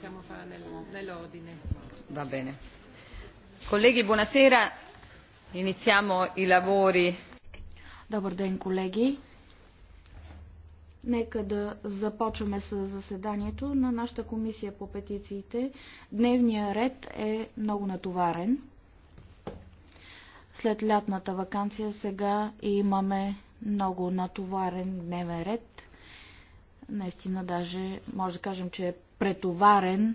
possiamo fare nel, nell'ordine. Va bene. Colleghi, buonasera. Iniziamo i lavori. Добър ден, колеги. Нека да започваме с заседанието на нашата комисия по петициите. Дневният ред е много натоварен. След лятната вакансия сега имаме много натоварен дневен ред. Наистина даже може да кажем, че е претоварен.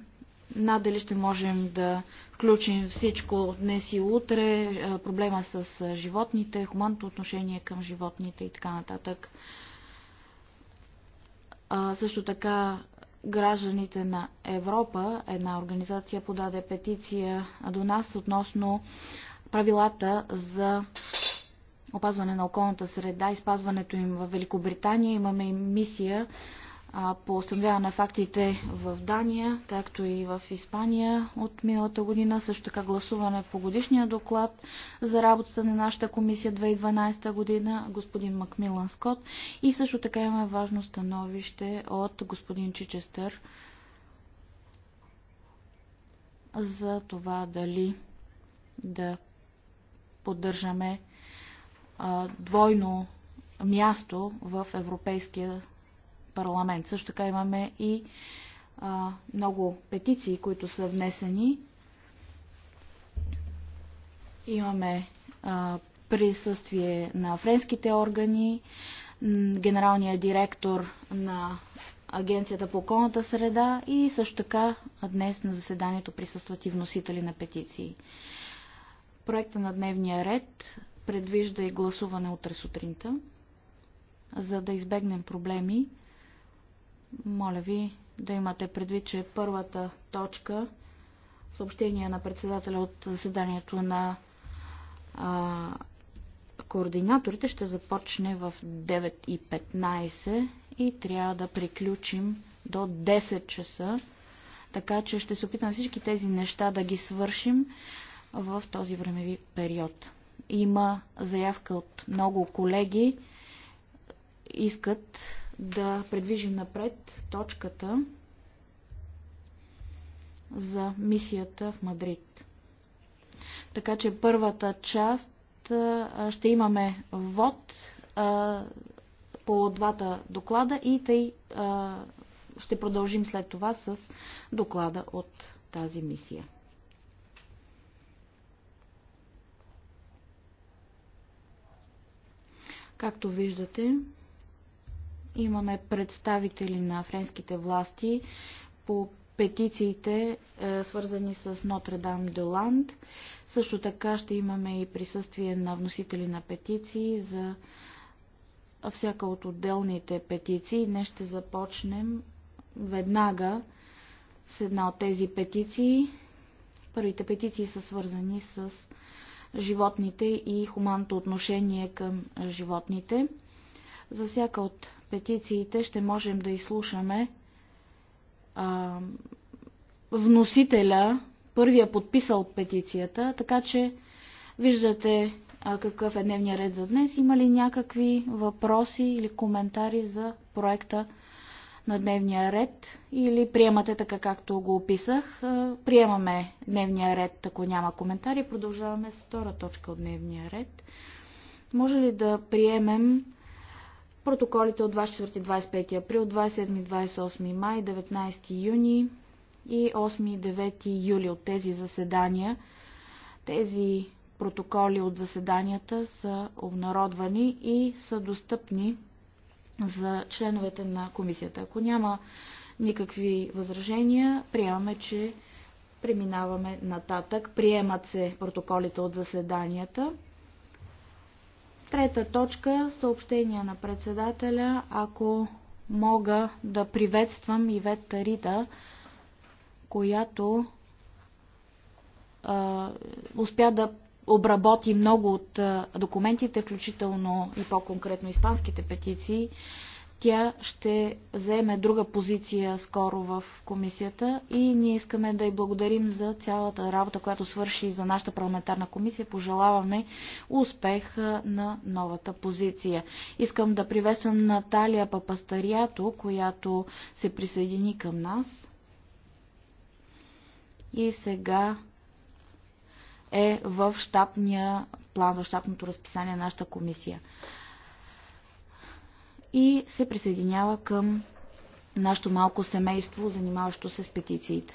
Надали ще можем да включим всичко днес и утре, е, проблема с е, животните, хуманното отношение към животните и така нататък. А, също така гражданите на Европа, една организация подаде петиция до нас относно правилата за опазване на околната среда и спазването им в Великобритания. Имаме и мисия по установяване на фактите в Дания, както и в Испания от миналата година. Също така гласуване по годишния доклад за работата на нашата комисия 2012 година, господин Макмилан Скот. И също така имаме важно становище от господин Чичестър за това дали да поддържаме двойно място в Европейския парламент. Също така имаме и а, много петиции, които са внесени. Имаме а, присъствие на френските органи, генералния директор на Агенцията по околната среда и също така днес на заседанието присъстват и вносители на петиции. Проекта на дневния ред предвижда и гласуване утре сутринта, за да избегнем проблеми моля ви да имате предвид, че първата точка съобщение на председателя от заседанието на а, координаторите ще започне в 9.15 и трябва да приключим до 10 часа. Така че ще се опитам всички тези неща да ги свършим в този времеви период. Има заявка от много колеги, искат да предвижим напред точката за мисията в Мадрид. Така че първата част ще имаме ввод по двата доклада и тъй ще продължим след това с доклада от тази мисия. Както виждате, Имаме представители на френските власти по петициите, е, свързани с Нотр-Дам де Ланд. Също така ще имаме и присъствие на вносители на петиции за всяка от отделните петиции. Днес ще започнем веднага с една от тези петиции. Първите петиции са свързани с животните и хуманното отношение към животните. За всяка от петициите ще можем да изслушаме а, вносителя, първия подписал петицията, така че виждате а, какъв е дневния ред за днес. Има ли някакви въпроси или коментари за проекта на дневния ред или приемате така както го описах? Приемаме дневния ред, ако няма коментари. Продължаваме с втора точка от дневния ред. Може ли да приемем Протоколите от 24-25 април, 27-28 май, 19 юни и 8-9 юли от тези заседания. Тези протоколи от заседанията са обнародвани и са достъпни за членовете на комисията. Ако няма никакви възражения, приемаме, че преминаваме нататък. Приемат се протоколите от заседанията. Трета точка е – съобщения на председателя. Ако мога да приветствам Ивет Тарида, която а, успя да обработи много от документите, включително и по-конкретно испанските петиции. Тя ще заеме друга позиция скоро в комисията и ние искаме да й благодарим за цялата работа, която свърши за нашата парламентарна комисия. Пожелаваме успех на новата позиция. Искам да приветствам Наталия Папастарято, която се присъедини към нас. И сега е в щатния план, в щатното разписание на нашата комисия и се присъединява към нашето малко семейство, занимаващо се с петициите.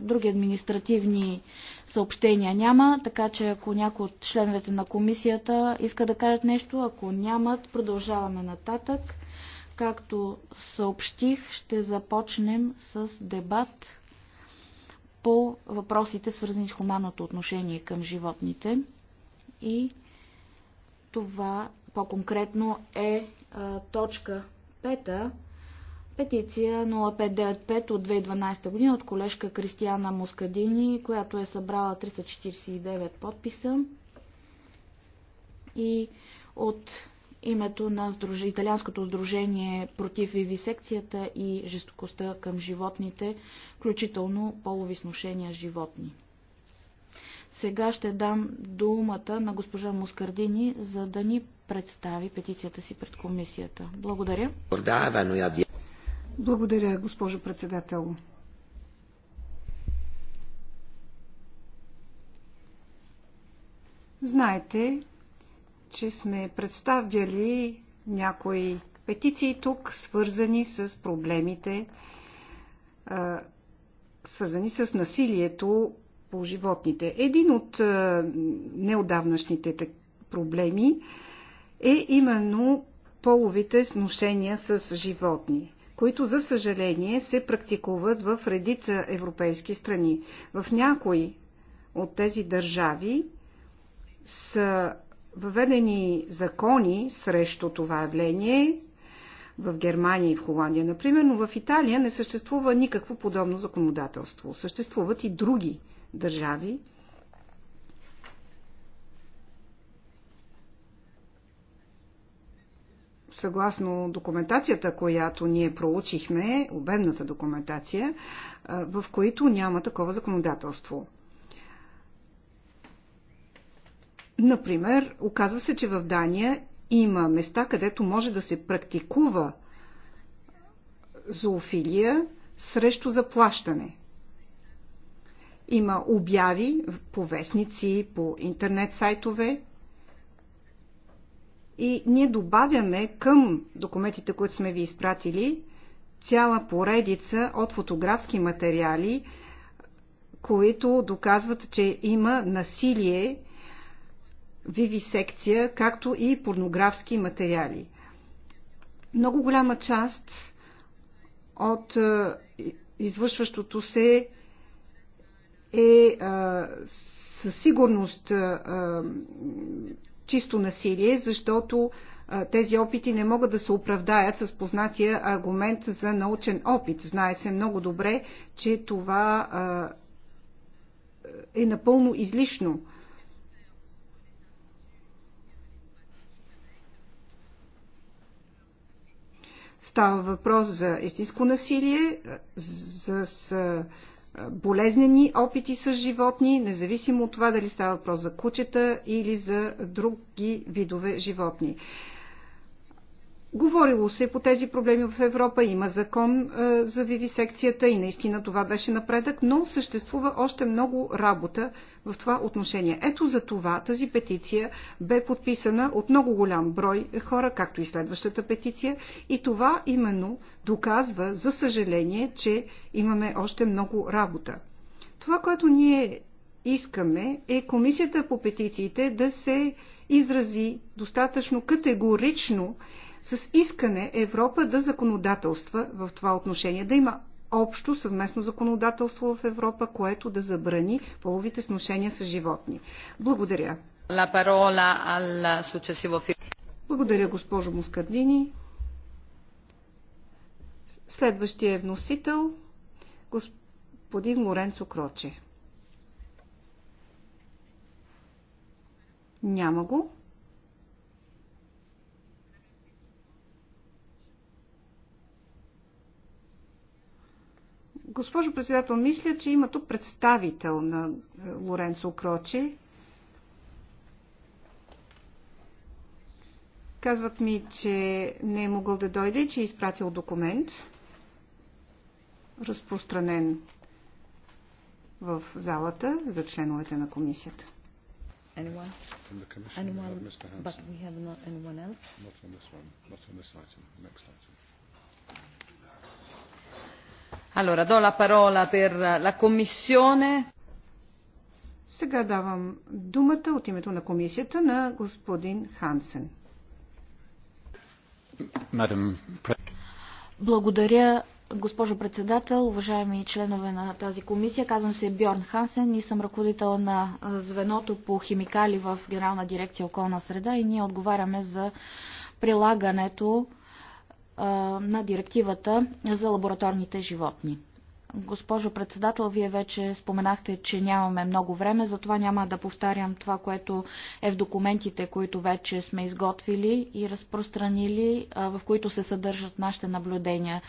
Други административни съобщения няма, така че ако някой от членовете на комисията иска да кажат нещо, ако нямат, продължаваме нататък. Както съобщих, ще започнем с дебат по въпросите, свързани с хуманното отношение към животните. И това по-конкретно е а, точка 5, петиция 0595 от 2012 година от колежка Кристияна Москадини, която е събрала 349 подписа и от името на сдруж... Италианското сдружение против вивисекцията и жестокостта към животните, включително половисношения животни. Сега ще дам думата на госпожа Москардини, за да ни представи петицията си пред комисията. Благодаря. Благодаря, госпожо председател. Знаете, че сме представяли някои петиции тук, свързани с проблемите, свързани с насилието по животните. Един от неодавнашните проблеми е именно половите сношения с животни, които за съжаление се практикуват в редица европейски страни. В някои от тези държави са въведени закони срещу това явление, в Германия и в Холандия, например, но в Италия не съществува никакво подобно законодателство. Съществуват и други държави, съгласно документацията, която ние проучихме, обемната документация, в които няма такова законодателство. Например, оказва се, че в Дания има места, където може да се практикува зоофилия срещу заплащане. Има обяви по вестници, по интернет сайтове, и ние добавяме към документите, които сме ви изпратили, цяла поредица от фотографски материали, които доказват, че има насилие, вивисекция, както и порнографски материали. Много голяма част от е, извършващото се е а, е, със сигурност а, е, чисто насилие, защото тези опити не могат да се оправдаят с познатия аргумент за научен опит. Знае се много добре, че това е напълно излишно. Става въпрос за истинско насилие, с болезнени опити с животни, независимо от това дали става въпрос за кучета или за други видове животни. Говорило се по тези проблеми в Европа, има закон е, за вивисекцията и наистина това беше напредък, но съществува още много работа в това отношение. Ето за това тази петиция бе подписана от много голям брой хора, както и следващата петиция, и това именно доказва, за съжаление, че имаме още много работа. Това, което ние искаме е комисията по петициите да се изрази достатъчно категорично с искане Европа да законодателства в това отношение, да има общо съвместно законодателство в Европа, което да забрани половите сношения с животни. Благодаря. Благодаря, госпожо Мускардини. Следващия е вносител господин Лоренцо Кроче. Няма го. Госпожо председател, мисля, че има тук представител на е, Лоренцо Крочи. Казват ми, че не е могъл да дойде че е изпратил документ, разпространен в залата за членовете на комисията. Anyone? From the commission, anyone? Uh, Mr. Hansen. But we have not anyone else? Not on this one. Not on this item. Next item. Allora, do la parola per la Commissione. Сега давам думата от името на комисията на господин Хансен. Благодаря, госпожо председател, уважаеми членове на тази комисия. Казвам се Бьорн Хансен и съм ръководител на звеното по химикали в Генерална дирекция околна среда и ние отговаряме за прилагането на директивата за лабораторните животни. Госпожо председател, вие вече споменахте, че нямаме много време, затова няма да повтарям това, което е в документите, които вече сме изготвили и разпространили, в които се съдържат нашите наблюдения.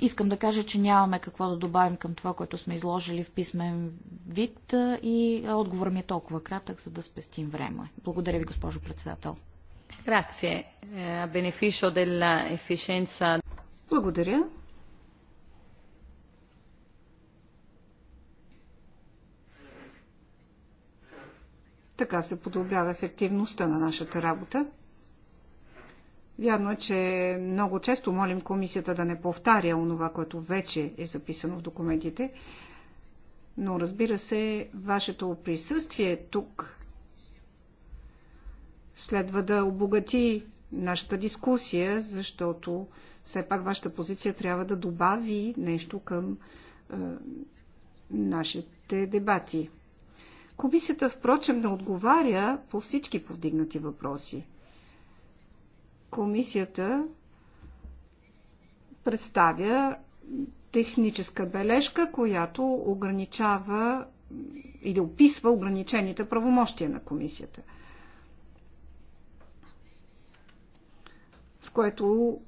Искам да кажа, че нямаме какво да добавим към това, което сме изложили в писмен вид и отговор ми е толкова кратък, за да спестим време. Благодаря ви, госпожо председател. Eh, Благодаря. Така се подобрява ефективността на нашата работа. Вярно е, че много често молим комисията да не повтаря онова, което вече е записано в документите, но разбира се, вашето присъствие тук следва да обогати нашата дискусия, защото все пак вашата позиция трябва да добави нещо към е, нашите дебати. Комисията, впрочем, не отговаря по всички повдигнати въпроси. Комисията представя техническа бележка, която ограничава или описва ограничените правомощия на комисията – с което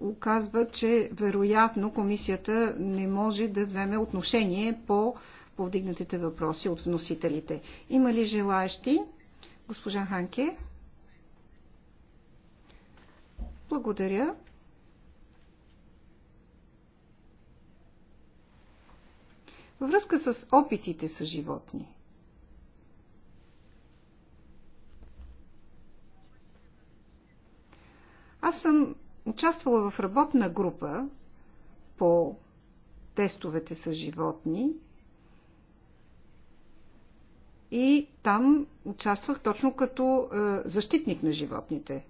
оказва, че вероятно комисията не може да вземе отношение по повдигнатите въпроси от вносителите. Има ли желаещи? Госпожа Ханке. Благодаря. Във връзка с опитите с животни – Аз съм участвала в работна група по тестовете с животни и там участвах точно като е, защитник на животните.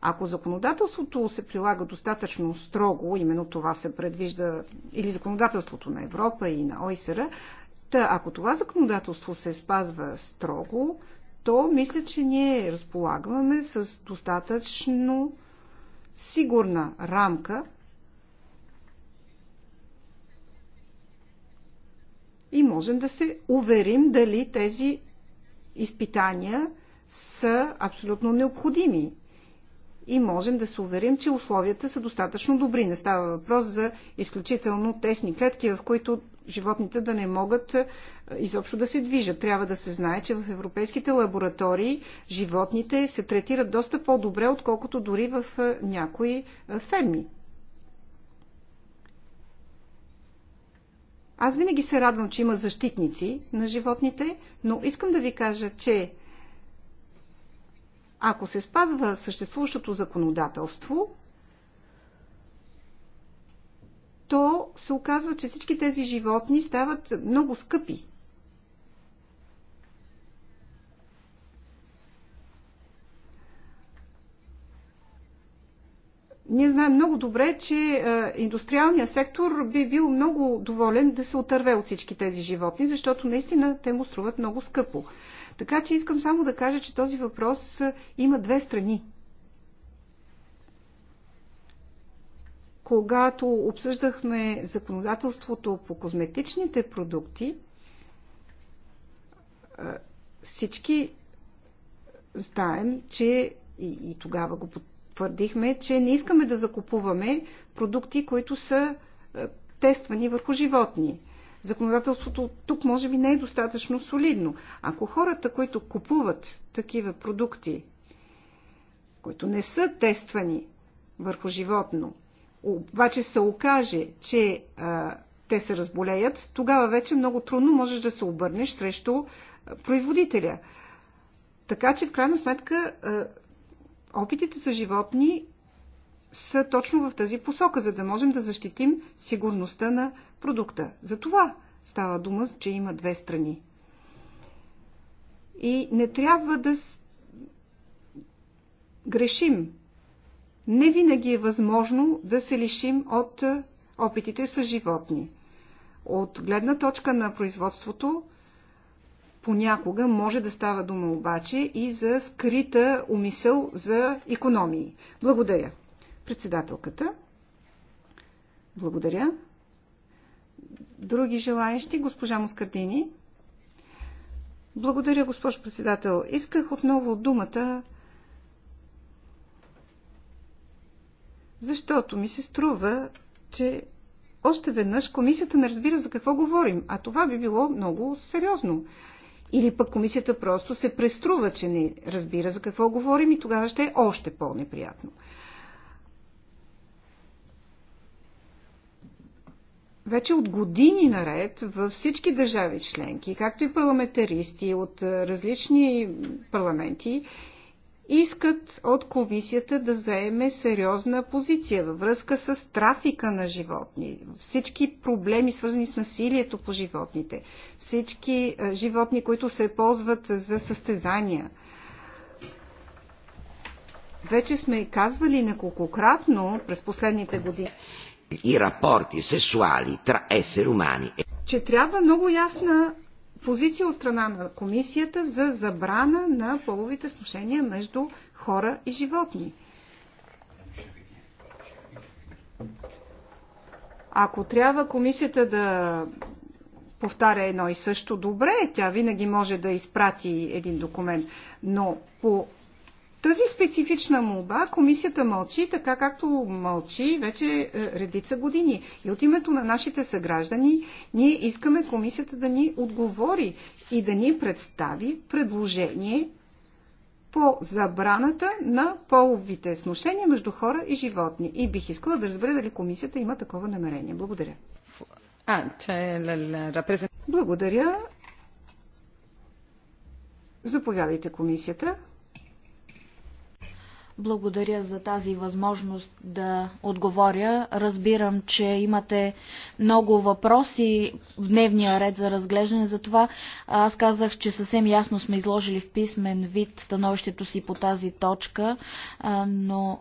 Ако законодателството се прилага достатъчно строго, именно това се предвижда, или законодателството на Европа и на ОИСР, та ако това законодателство се спазва строго, то мисля, че ние разполагаме с достатъчно сигурна рамка и можем да се уверим дали тези изпитания са абсолютно необходими. И можем да се уверим, че условията са достатъчно добри. Не става въпрос за изключително тесни клетки, в които животните да не могат е, изобщо да се движат. Трябва да се знае, че в европейските лаборатории животните се третират доста по-добре, отколкото дори в е, някои е, ферми. Аз винаги се радвам, че има защитници на животните, но искам да ви кажа, че ако се спазва съществуващото законодателство, то се оказва, че всички тези животни стават много скъпи. Ние знаем много добре, че е, индустриалният сектор би бил много доволен да се отърве от всички тези животни, защото наистина те му струват много скъпо. Така че искам само да кажа, че този въпрос е, има две страни. когато обсъждахме законодателството по козметичните продукти, всички знаем, че и, и тогава го потвърдихме, че не искаме да закупуваме продукти, които са тествани върху животни. Законодателството тук може би не е достатъчно солидно. Ако хората, които купуват такива продукти, които не са тествани върху животно, обаче се окаже, че а, те се разболеят, тогава вече много трудно можеш да се обърнеш срещу производителя. Така че, в крайна сметка, а, опитите за животни са точно в тази посока, за да можем да защитим сигурността на продукта. За това става дума, че има две страни. И не трябва да грешим не винаги е възможно да се лишим от опитите с животни. От гледна точка на производството, понякога може да става дума обаче и за скрита умисъл за економии. Благодаря. Председателката. Благодаря. Други желаещи? Госпожа Москардини. Благодаря, госпожо председател. Исках отново думата защото ми се струва, че още веднъж комисията не разбира за какво говорим, а това би било много сериозно. Или пък комисията просто се преструва, че не разбира за какво говорим и тогава ще е още по-неприятно. Вече от години наред във всички държави членки, както и парламентаристи от различни парламенти, искат от комисията да заеме сериозна позиция във връзка с трафика на животни, всички проблеми свързани с насилието по животните, всички е, животни, които се ползват за състезания. Вече сме казвали неколкократно през последните години и рапорти сексуали тра esseri Че трябва много ясна позиция от страна на комисията за забрана на половите сношения между хора и животни. Ако трябва комисията да повтаря едно и също, добре, тя винаги може да изпрати един документ, но по тази специфична молба комисията мълчи, така както мълчи вече е, редица години. И от името на нашите съграждани ние искаме комисията да ни отговори и да ни представи предложение по забраната на половите сношения между хора и животни. И бих искала да разбера дали комисията има такова намерение. Благодаря. Е Благодаря. Заповядайте комисията. Благодаря за тази възможност да отговоря. Разбирам, че имате много въпроси в дневния ред за разглеждане, за това. аз казах, че съвсем ясно сме изложили в писмен вид становището си по тази точка, но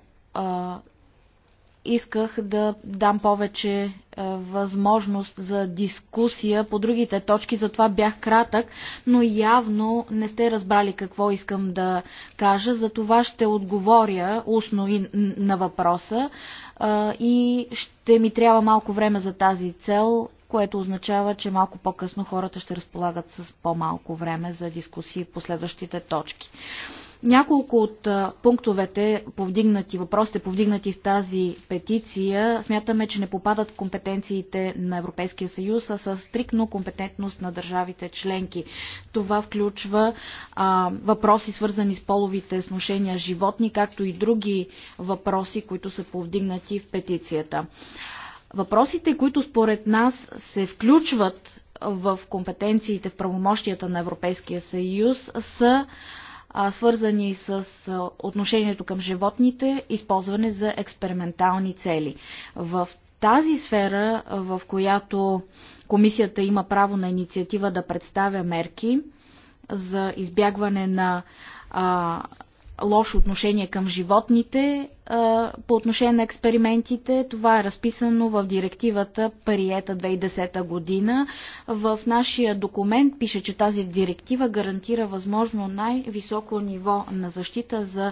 исках да дам повече е, възможност за дискусия по другите точки, затова бях кратък, но явно не сте разбрали какво искам да кажа, затова ще отговоря устно и на въпроса е, и ще ми трябва малко време за тази цел, което означава, че малко по-късно хората ще разполагат с по-малко време за дискусии по следващите точки. Няколко от пунктовете, повдигнати, въпросите повдигнати в тази петиция, смятаме, че не попадат в компетенциите на Европейския съюз, а са стрикно компетентност на държавите членки. Това включва а, въпроси, свързани с половите сношения животни, както и други въпроси, които са повдигнати в петицията. Въпросите, които според нас се включват в компетенциите, в правомощията на Европейския съюз, са свързани с отношението към животните, използване за експериментални цели. В тази сфера, в която комисията има право на инициатива да представя мерки за избягване на а, лошо отношение към животните по отношение на експериментите. Това е разписано в директивата Париета 2010 година. В нашия документ пише, че тази директива гарантира възможно най-високо ниво на защита за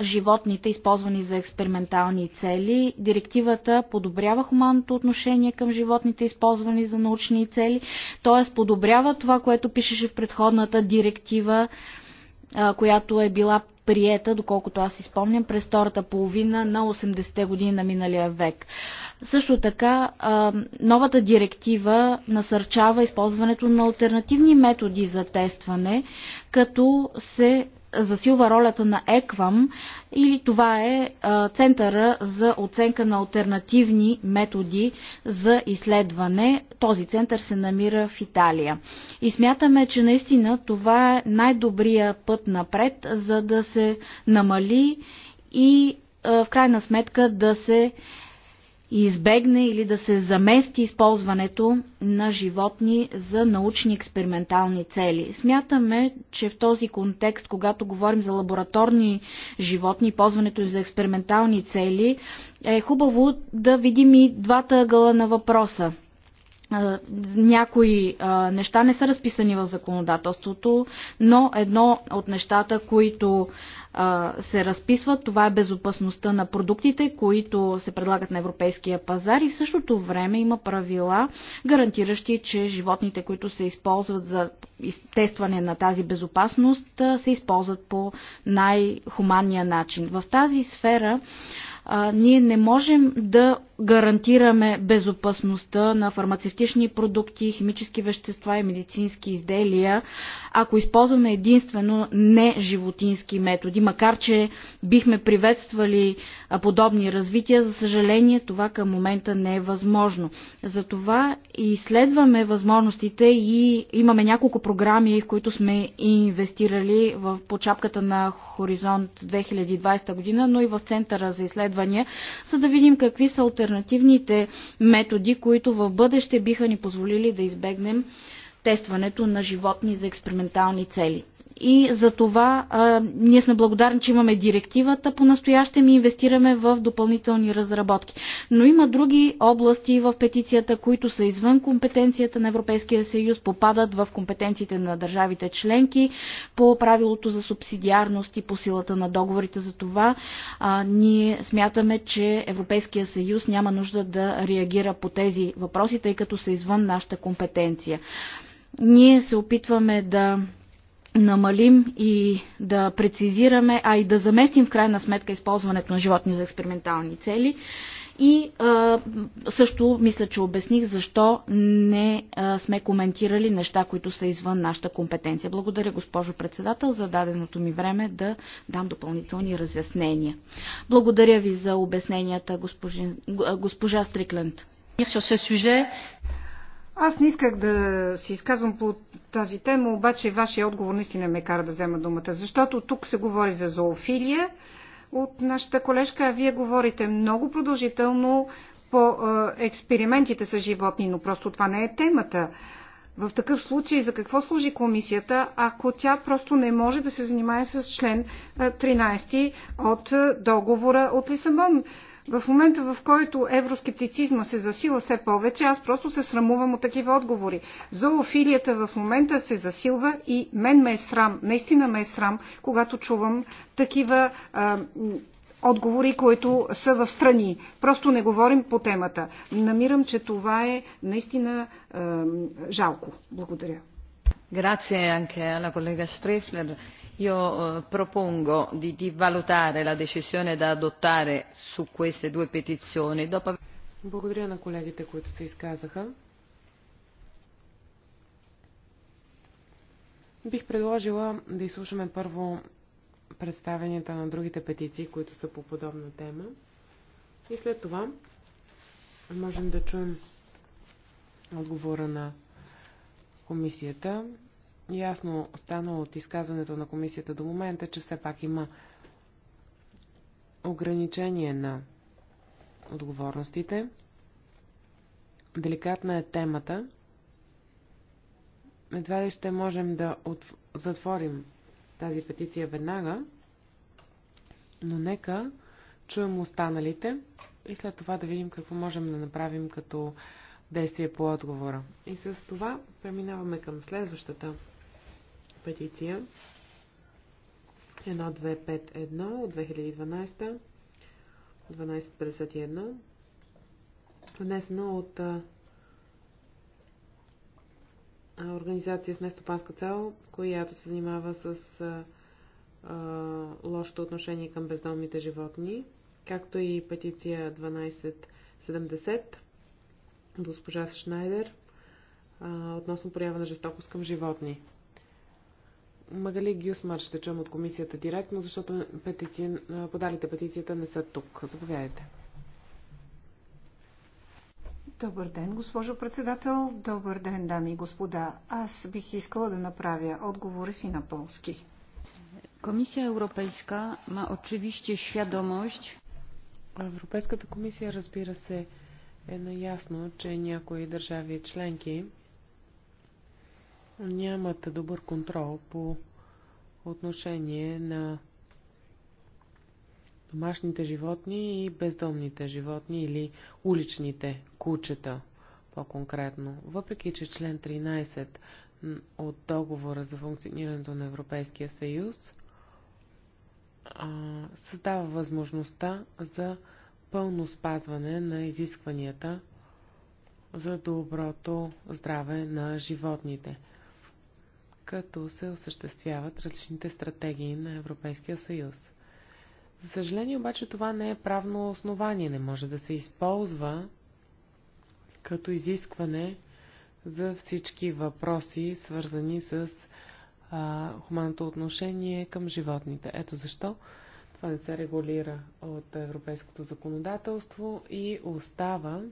животните, използвани за експериментални цели. Директивата подобрява хуманното отношение към животните, използвани за научни цели, т.е. подобрява това, което пишеше в предходната директива, която е била приета, доколкото аз изпомням, през втората половина на 80-те години на миналия век. Също така, новата директива насърчава използването на альтернативни методи за тестване, като се засилва ролята на ЕКВАМ или това е Центъра за оценка на альтернативни методи за изследване. Този център се намира в Италия. И смятаме, че наистина това е най-добрия път напред, за да се намали и в крайна сметка да се избегне или да се замести използването на животни за научни експериментални цели. Смятаме, че в този контекст, когато говорим за лабораторни животни и ползването им за експериментални цели, е хубаво да видим и двата ъгъла на въпроса някои а, неща не са разписани в законодателството, но едно от нещата, които се разписват. Това е безопасността на продуктите, които се предлагат на европейския пазар и в същото време има правила, гарантиращи, че животните, които се използват за изтестване на тази безопасност, се използват по най-хуманния начин. В тази сфера а, ние не можем да гарантираме безопасността на фармацевтични продукти, химически вещества и медицински изделия, ако използваме единствено не животински методи, макар че бихме приветствали подобни развития, за съжаление това към момента не е възможно. Затова изследваме възможностите и имаме няколко програми, в които сме инвестирали в почапката на Хоризонт 2020 година, но и в Центъра за изследвания, за да видим какви са альтернативите альтернативните методи, които в бъдеще биха ни позволили да избегнем тестването на животни за експериментални цели и за това а, ние сме благодарни, че имаме директивата. по настояще и инвестираме в допълнителни разработки. Но има други области в петицията, които са извън компетенцията на Европейския съюз, попадат в компетенциите на държавите членки по правилото за субсидиарност и по силата на договорите. За това а, ние смятаме, че Европейския съюз няма нужда да реагира по тези въпроси, тъй като са извън нашата компетенция. Ние се опитваме да намалим и да прецизираме, а и да заместим в крайна сметка използването на животни за експериментални цели. И а, също мисля, че обясних защо не а, сме коментирали неща, които са извън нашата компетенция. Благодаря, госпожо председател, за даденото ми време да дам допълнителни разяснения. Благодаря ви за обясненията, госпожи, госпожа Стрикленд. Аз не исках да се изказвам по тази тема, обаче вашия отговор наистина ме кара да взема думата, защото тук се говори за зоофилия от нашата колежка, а вие говорите много продължително по е, експериментите с животни, но просто това не е темата. В такъв случай за какво служи комисията, ако тя просто не може да се занимае с член 13 е, от е, договора от Лисабон? В момента, в който евроскептицизма се засила все повече, аз просто се срамувам от такива отговори. Зоофилията в момента се засилва и мен ме е срам, наистина ме е срам, когато чувам такива а, отговори, които са в страни. Просто не говорим по темата. Намирам, че това е наистина а, жалко. Благодаря. Grazie anche alla collega Streffler io eh, propongo di valutare la decisione da adottare su queste due petizioni dopo Благодаря на колегите, които се изказаха. Бих предложила да изслушаме първо представенията на другите петиции, които са по подобна тема. И след това можем да чуем отговора на комисията ясно стана от изказването на комисията до момента, че все пак има ограничение на отговорностите. Деликатна е темата. Едва ли ще можем да от... затворим тази петиция веднага, но нека чуем останалите и след това да видим какво можем да направим като действие по отговора. И с това преминаваме към следващата петиция 1251 от 2012 1251 внесена от а, организация с нестопанска цел, която се занимава с а, а, лошото отношение към бездомните животни, както и петиция 1270 госпожа Шнайдер а, относно проява на жестокост към животни. Магали Гюсмар ще чуем от комисията директно, защото петици... подалите петицията не са тук. Заповядайте. Добър ден, госпожо председател. Добър ден, дами и господа. Аз бих искала да направя отговори си на полски. Комисия Европейска ма очевище свядомост. Европейската комисия, разбира се, е наясно, че някои държави членки нямат добър контрол по отношение на домашните животни и бездомните животни или уличните кучета по-конкретно. Въпреки, че член 13 от договора за функционирането на Европейския съюз а, създава възможността за пълно спазване на изискванията за доброто здраве на животните като се осъществяват различните стратегии на Европейския съюз. За съжаление обаче това не е правно основание, не може да се използва като изискване за всички въпроси, свързани с а, хуманното отношение към животните. Ето защо това не се регулира от европейското законодателство и остава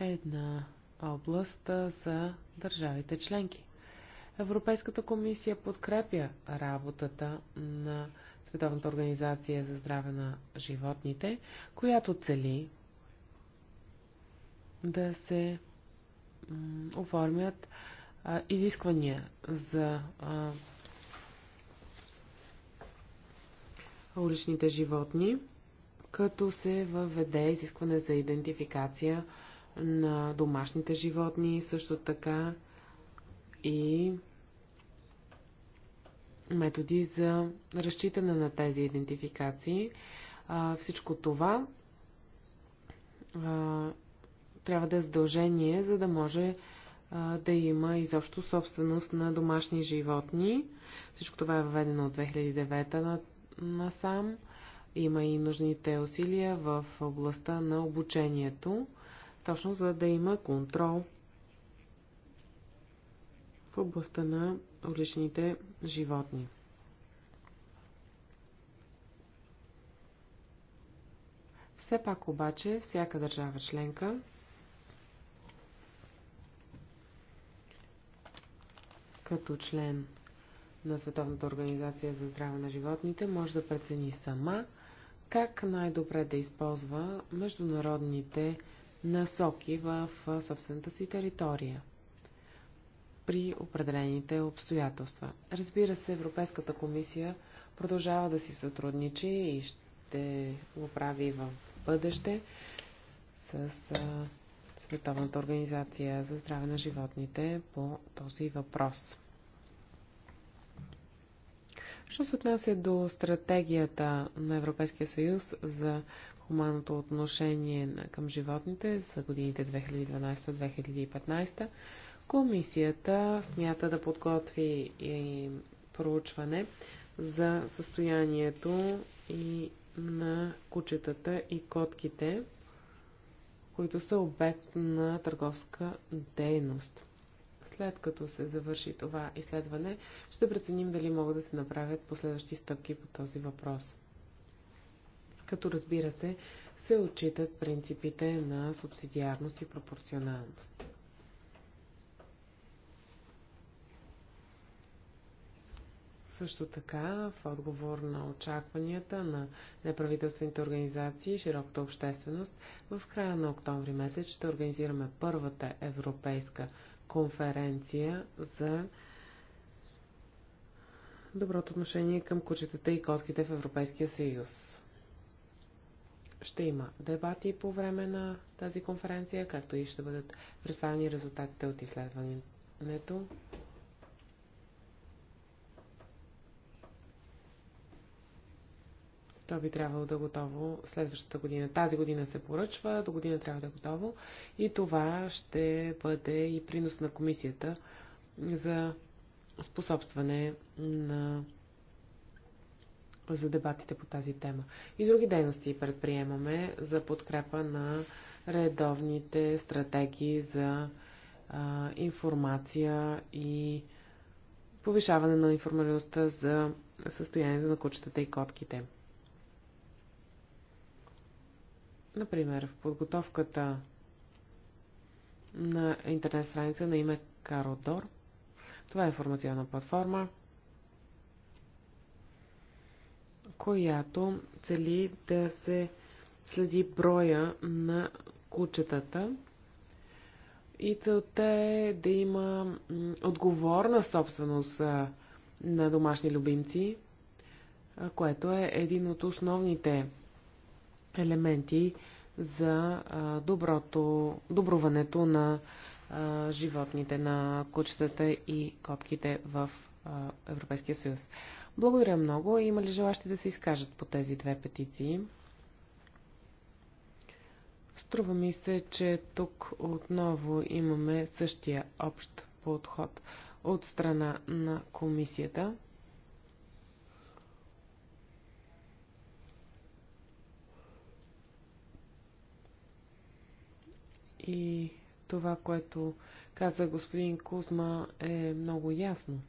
една област за държавите членки. Европейската комисия подкрепя работата на Световната организация за здраве на животните, която цели да се оформят изисквания за уличните животни, като се въведе изискване за идентификация на домашните животни, също така и методи за разчитане на тези идентификации. А, всичко това а, трябва да е задължение, за да може а, да има изобщо собственост на домашни животни. Всичко това е въведено от 2009 на, насам. Има и нужните усилия в областта на обучението точно за да има контрол в областта на уличните животни. Все пак обаче всяка държава членка като член на Световната организация за здраве на животните може да прецени сама как най-добре да използва международните насоки в собствената си територия при определените обстоятелства. Разбира се, Европейската комисия продължава да си сътрудничи и ще го прави в бъдеще с Световната организация за здраве на животните по този въпрос. Що се отнася до стратегията на Европейския съюз за хуманното отношение към животните за годините 2012-2015, комисията смята да подготви и проучване за състоянието и на кучетата и котките, които са обект на търговска дейност. След като се завърши това изследване, ще преценим дали могат да се направят последващи стъпки по този въпрос като разбира се се отчитат принципите на субсидиарност и пропорционалност. Също така, в отговор на очакванията на неправителствените организации и широката общественост, в края на октомври месец ще организираме първата европейска конференция за доброто отношение към кучетата и котките в Европейския съюз ще има дебати по време на тази конференция, както и ще бъдат представени резултатите от изследването. То би трябвало да е готово следващата година. Тази година се поръчва, до година трябва да е готово. И това ще бъде и принос на комисията за способстване на за дебатите по тази тема. И други дейности предприемаме за подкрепа на редовните стратегии за а, информация и повишаване на информираността за състоянието на кучетата и котките. Например, в подготовката на интернет страница на име Кародор. Това е информационна платформа, която цели да се следи броя на кучетата. И целта е да има отговорна собственост на домашни любимци, което е един от основните елементи за доброто, добруването на животните, на кучетата и копките в Европейския съюз. Благодаря много. Има ли желащи да се изкажат по тези две петиции? Струва ми се, че тук отново имаме същия общ подход от страна на комисията. И това, което каза господин Кузма, е много ясно.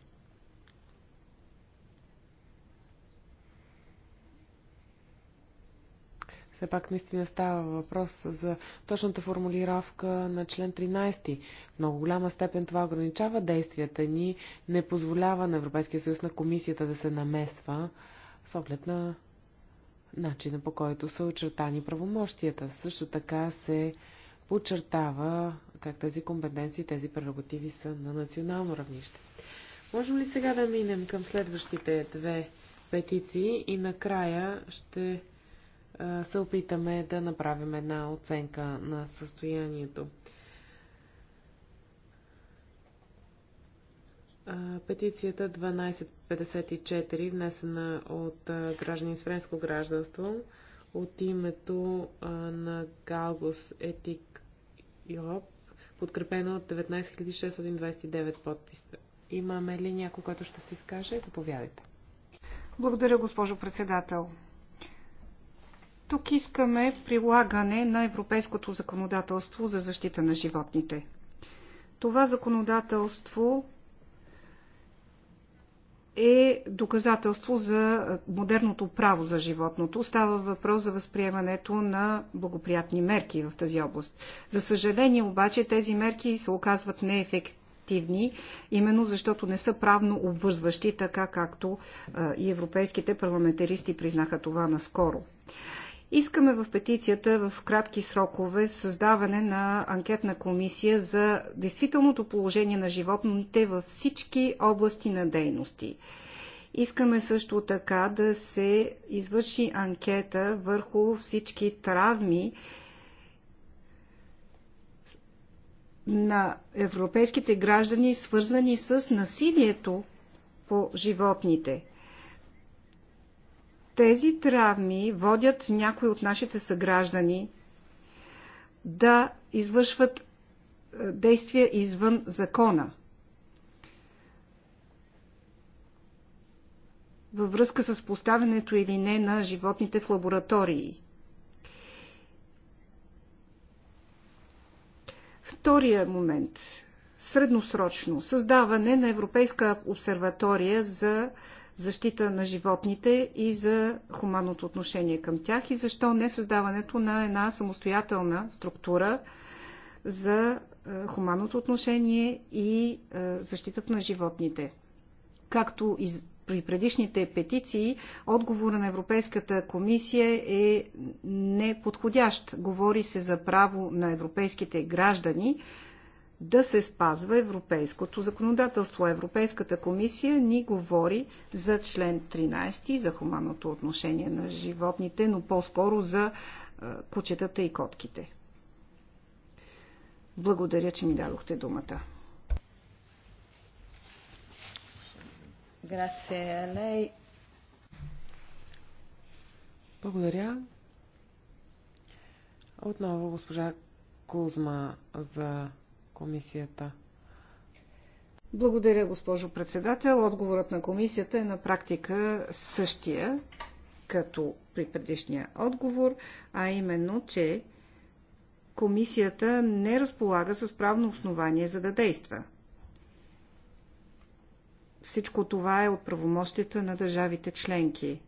все пак наистина става въпрос за точната формулировка на член 13. В много голяма степен това ограничава действията ни, не позволява на Европейския съюз на комисията да се намесва с оглед на начина по който са очертани правомощията. Също така се подчертава как тези компетенции, тези прерогативи са на национално равнище. Можем ли сега да минем към следващите две петиции и накрая ще се опитаме да направим една оценка на състоянието. Петицията 1254, внесена от граждани с френско гражданство, от името на Галгус Етик Йоп, подкрепена от 19629 подписа. Имаме ли някой, който ще се изкаже? Заповядайте. Благодаря, госпожо председател. Тук искаме прилагане на европейското законодателство за защита на животните. Това законодателство е доказателство за модерното право за животното. Става въпрос за възприемането на благоприятни мерки в тази област. За съжаление обаче тези мерки се оказват неефективни, именно защото не са правно обвързващи, така както и европейските парламентаристи признаха това наскоро. Искаме в петицията в кратки срокове създаване на анкетна комисия за действителното положение на животните във всички области на дейности. Искаме също така да се извърши анкета върху всички травми на европейските граждани, свързани с насилието по животните тези травми водят някои от нашите съграждани да извършват е, действия извън закона. Във връзка с поставянето или не на животните в лаборатории. Втория момент средносрочно създаване на Европейска обсерватория за защита на животните и за хуманното отношение към тях и защо не създаването на една самостоятелна структура за е, хуманното отношение и е, защитата на животните. Както и при предишните петиции, отговора на Европейската комисия е неподходящ. Говори се за право на европейските граждани да се спазва европейското законодателство. Европейската комисия ни говори за член 13, за хуманното отношение на животните, но по-скоро за кучетата е, и котките. Благодаря, че ми дадохте думата. Благодаря. Отново госпожа Кузма за комисията? Благодаря, госпожо председател. Отговорът на комисията е на практика същия, като при предишния отговор, а именно, че комисията не разполага с правно основание за да действа. Всичко това е от правомощията на държавите членки.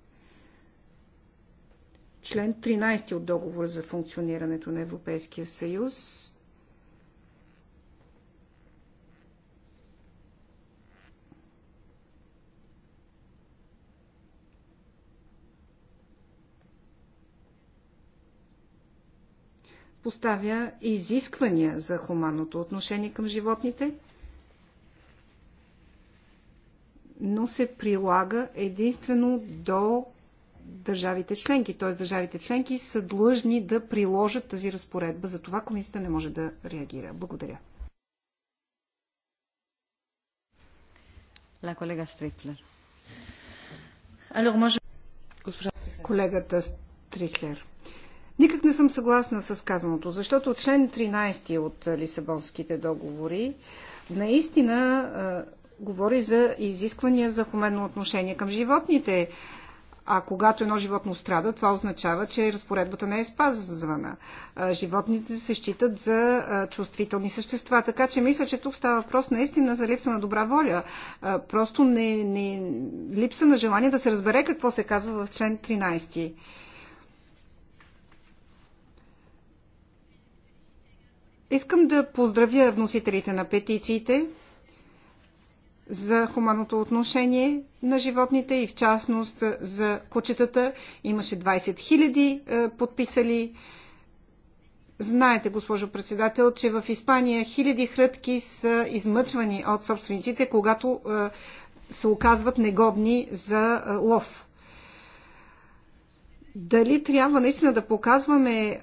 Член 13 от договора за функционирането на Европейския съюз поставя изисквания за хуманното отношение към животните, но се прилага единствено до държавите членки. Т.е. държавите членки са длъжни да приложат тази разпоредба. За това комисията не може да реагира. Благодаря. La колега Стрихлер. Госпожа... Колегата Стрихлер. Никак не съм съгласна с казаното, защото член 13 от Лисабонските договори наистина говори за изисквания за хуменно отношение към животните. А когато едно животно страда, това означава, че разпоредбата не е спазвана. Животните се считат за чувствителни същества. Така че мисля, че тук става въпрос наистина за липса на добра воля. Просто не, не, липса на желание да се разбере какво се казва в член 13. Искам да поздравя вносителите на петициите за хуманното отношение на животните и в частност за кучетата. Имаше 20 000 е, подписали. Знаете, госпожо председател, че в Испания хиляди хрътки са измъчвани от собствениците, когато е, се оказват негодни за е, лов. Дали трябва наистина да показваме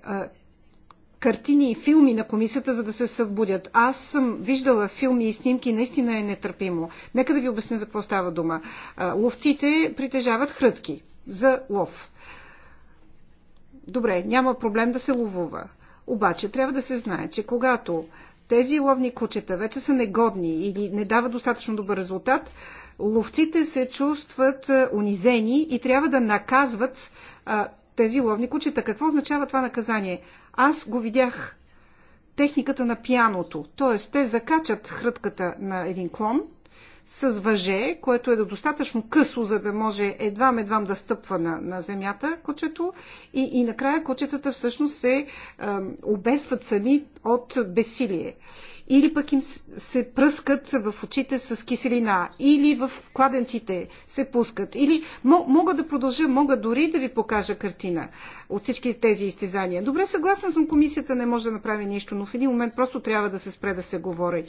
картини и филми на комисията, за да се събудят. Аз съм виждала филми и снимки, наистина е нетърпимо. Нека да ви обясня за какво става дума. Ловците притежават хрътки за лов. Добре, няма проблем да се ловува. Обаче трябва да се знае, че когато тези ловни кучета вече са негодни или не дават достатъчно добър резултат, ловците се чувстват унизени и трябва да наказват тези ловни кучета. Какво означава това наказание? Аз го видях техниката на пияното. Т.е. те закачат хрътката на един клон с въже, което е достатъчно късо, за да може едвам-едвам да стъпва на, на земята кучето и, и накрая кучетата всъщност се е, обесват сами от бесилие или пък им се пръскат в очите с киселина, или в кладенците се пускат, или мога да продължа, мога дори да ви покажа картина от всички тези изтезания. Добре, съгласна съм, комисията не може да направи нищо, но в един момент просто трябва да се спре да се говори,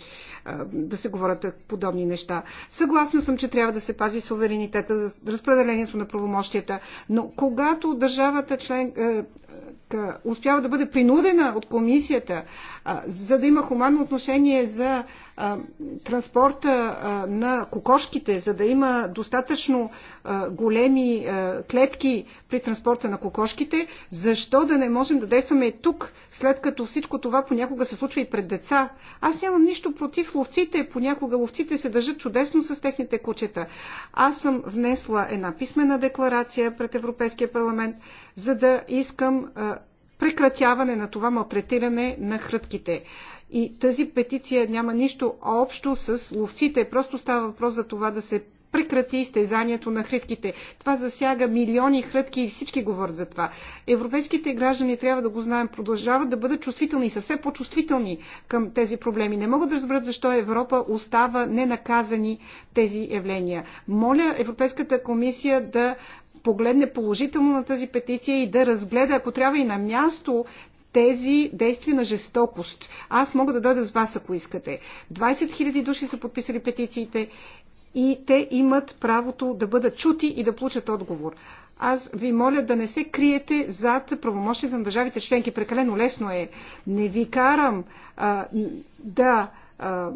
да се говорят подобни неща. Съгласна съм, че трябва да се пази суверенитета, разпределението на правомощията, но когато държавата член, е, е, успява да бъде принудена от комисията, за да има хуманно отношение, решение за а, транспорта а, на кокошките, за да има достатъчно а, големи а, клетки при транспорта на кокошките, защо да не можем да действаме и тук, след като всичко това понякога се случва и пред деца? Аз нямам нищо против ловците. Понякога ловците се държат чудесно с техните кучета. Аз съм внесла една писмена декларация пред Европейския парламент, за да искам а, прекратяване на това малтретиране на хрътките. И тази петиция няма нищо общо с ловците. Просто става въпрос за това да се прекрати изтезанието на хрътките. Това засяга милиони хрътки и всички говорят за това. Европейските граждани трябва да го знаем, продължават да бъдат чувствителни, съвсем по-чувствителни към тези проблеми. Не могат да разберат защо Европа остава ненаказани тези явления. Моля Европейската комисия да погледне положително на тази петиция и да разгледа, ако трябва и на място, тези действия на жестокост. Аз мога да дойда с вас, ако искате. 20 000 души са подписали петициите и те имат правото да бъдат чути и да получат отговор. Аз ви моля да не се криете зад правомощите на държавите членки. Прекалено лесно е. Не ви карам а, да. А,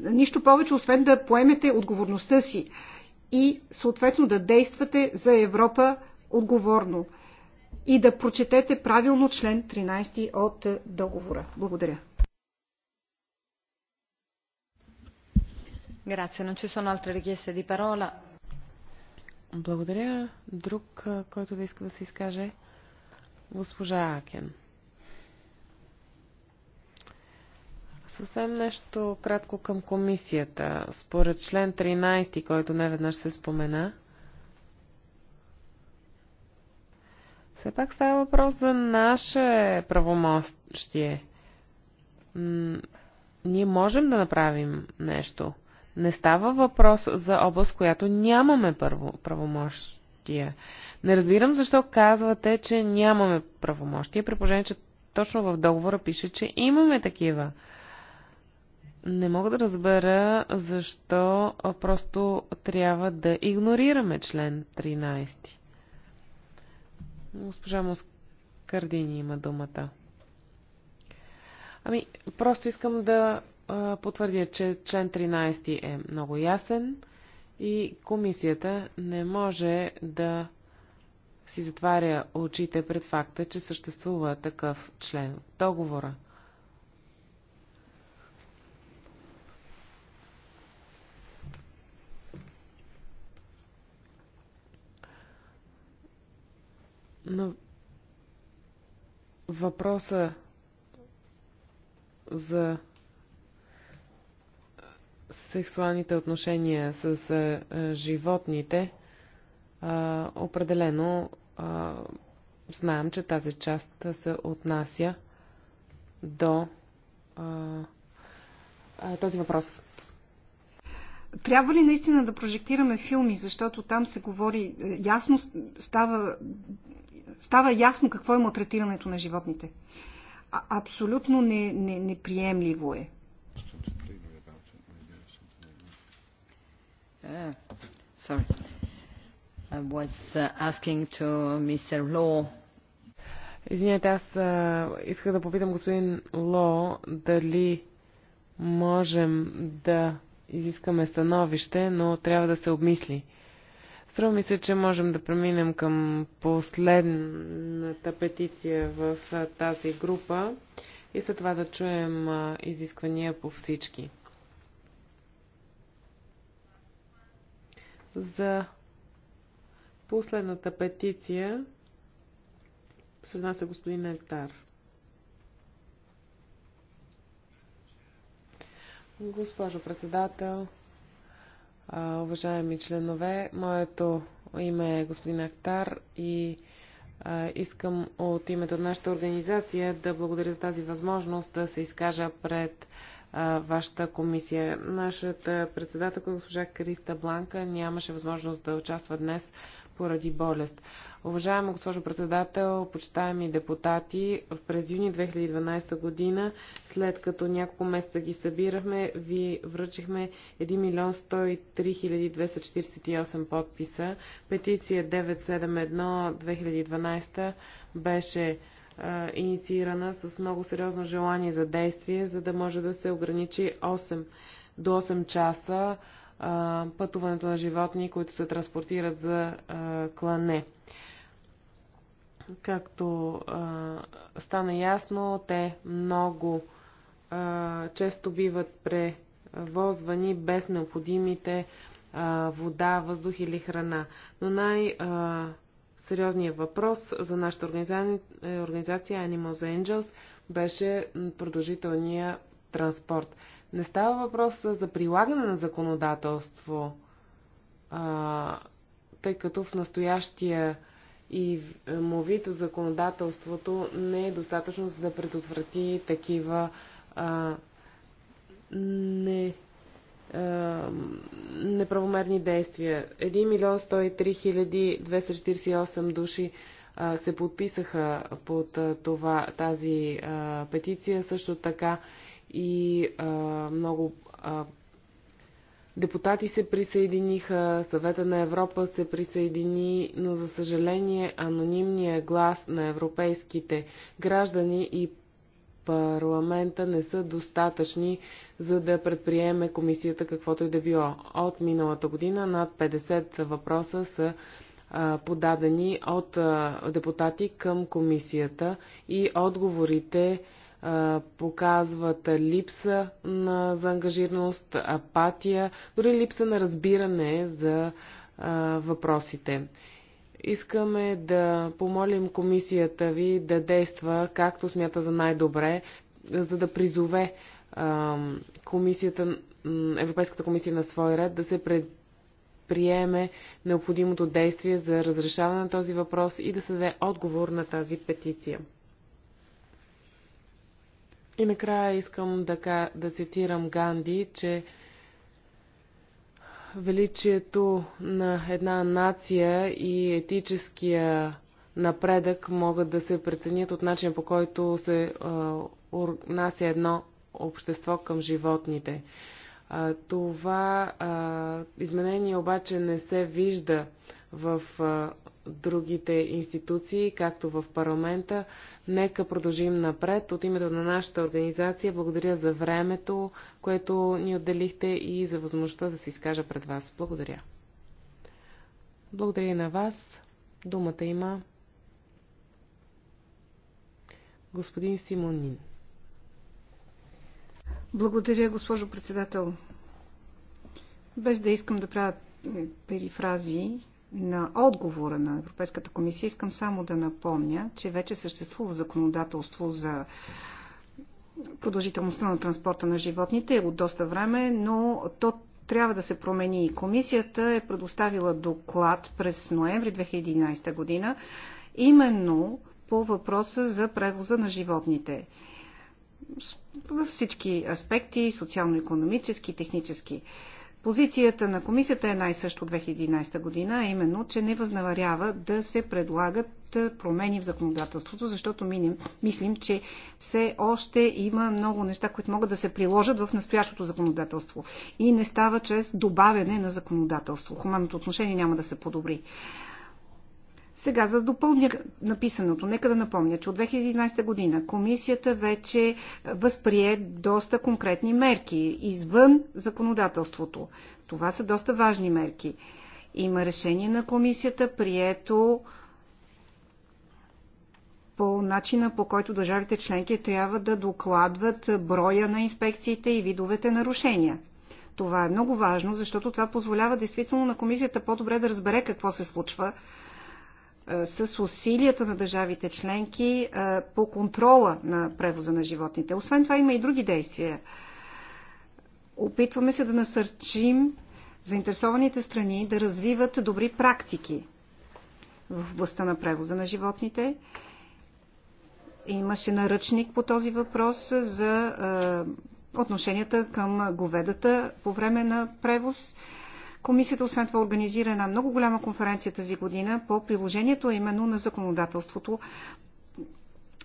нищо повече, освен да поемете отговорността си и съответно да действате за Европа отговорно и да прочетете правилно член 13 от договора. Благодаря. Благодаря. Друг, който да иска да се изкаже? Госпожа Акен. Съвсем нещо кратко към комисията. Според член 13, който не веднъж се спомена, Все пак става въпрос за наше правомощие. Ние можем да направим нещо. Не става въпрос за област, която нямаме първо правомощия. Не разбирам защо казвате, че нямаме правомощия, при положение, че точно в договора пише, че имаме такива. Не мога да разбера защо просто трябва да игнорираме член 13. Госпожа Москардини има думата. Ами, просто искам да а, потвърдя, че член 13 е много ясен и комисията не може да си затваря очите пред факта, че съществува такъв член в договора – На въпроса за сексуалните отношения с а, животните, а, определено а, знаем, че тази част се отнася до а, а, този въпрос. Трябва ли наистина да прожектираме филми, защото там се говори, е, ясно става става ясно какво е малтретирането на животните. А, абсолютно не, не, неприемливо е. Uh, sorry. I was uh, asking to Mr. Law Извинете, аз а, uh, исках да попитам господин Ло дали можем да изискаме становище, но трябва да се обмисли Струва ми се, че можем да преминем към последната петиция в тази група и след това да чуем изисквания по всички. За последната петиция сред нас е господин Ектар. Госпожо председател, уважаеми членове. Моето име е господин Актар и искам от името на нашата организация да благодаря за тази възможност да се изкажа пред вашата комисия. Нашата председателка, госпожа Криста Бланка, нямаше възможност да участва днес поради болест. Уважаема госпожо председател, почитаеми депутати, през юни 2012 година, след като няколко месеца ги събирахме, ви връчихме 1 милион 103 248 подписа. Петиция 971-2012 беше инициирана с много сериозно желание за действие, за да може да се ограничи 8 до 8 часа пътуването на животни, които се транспортират за клане. Както стана ясно, те много често биват превозвани без необходимите вода, въздух или храна. Но най- сериозният въпрос за нашата организация, е, организация Animals Angels беше продължителния транспорт. Не става въпрос за прилагане на законодателство, а, тъй като в настоящия и му вид законодателството не е достатъчно за да предотврати такива а, не, а, неправомерни действия. 1 милион 103 хиляди 248 души а, се подписаха под а, това, тази а, петиция. Също така и а, много а, депутати се присъединиха, съвета на Европа се присъедини, но за съжаление анонимният глас на европейските граждани и парламента не са достатъчни, за да предприеме комисията каквото и да било. От миналата година над 50 въпроса са подадени от депутати към комисията и отговорите показват липса на заангажираност, апатия, дори липса на разбиране за въпросите. Искаме да помолим комисията ви да действа както смята за най-добре, за да призове комисията, Европейската комисия на свой ред да се пред приеме необходимото действие за разрешаване на този въпрос и да се даде отговор на тази петиция. И накрая искам да, да цитирам Ганди, че величието на една нация и етическия напредък могат да се преценят от начин по който се отнася едно общество към животните. А, това а, изменение обаче не се вижда в а, другите институции, както в парламента. Нека продължим напред. От името на нашата организация благодаря за времето, което ни отделихте и за възможността да се изкажа пред вас. Благодаря. Благодаря и на вас. Думата има господин Симонин. Благодаря, госпожо председател. Без да искам да правя перифрази, на отговора на Европейската комисия искам само да напомня, че вече съществува законодателство за продължителността на транспорта на животните е от доста време, но то трябва да се промени. Комисията е предоставила доклад през ноември 2011 година, именно по въпроса за превоза на животните. Във всички аспекти, социално-економически, технически. технически Позицията на комисията е най-също 2011 година, а именно, че не възнаварява да се предлагат промени в законодателството, защото минем, мислим, че все още има много неща, които могат да се приложат в настоящото законодателство. И не става чрез добавяне на законодателство. Хуманното отношение няма да се подобри. Сега, за да допълня написаното, нека да напомня, че от 2011 година комисията вече възприе доста конкретни мерки извън законодателството. Това са доста важни мерки. Има решение на комисията, прието по начина по който държавите членки трябва да докладват броя на инспекциите и видовете нарушения. Това е много важно, защото това позволява действително на комисията по-добре да разбере какво се случва с усилията на държавите членки по контрола на превоза на животните. Освен това има и други действия. Опитваме се да насърчим заинтересованите страни да развиват добри практики в областта на превоза на животните. Имаше наръчник по този въпрос за отношенията към говедата по време на превоз. Комисията освен това организира една много голяма конференция тази година по приложението именно на законодателството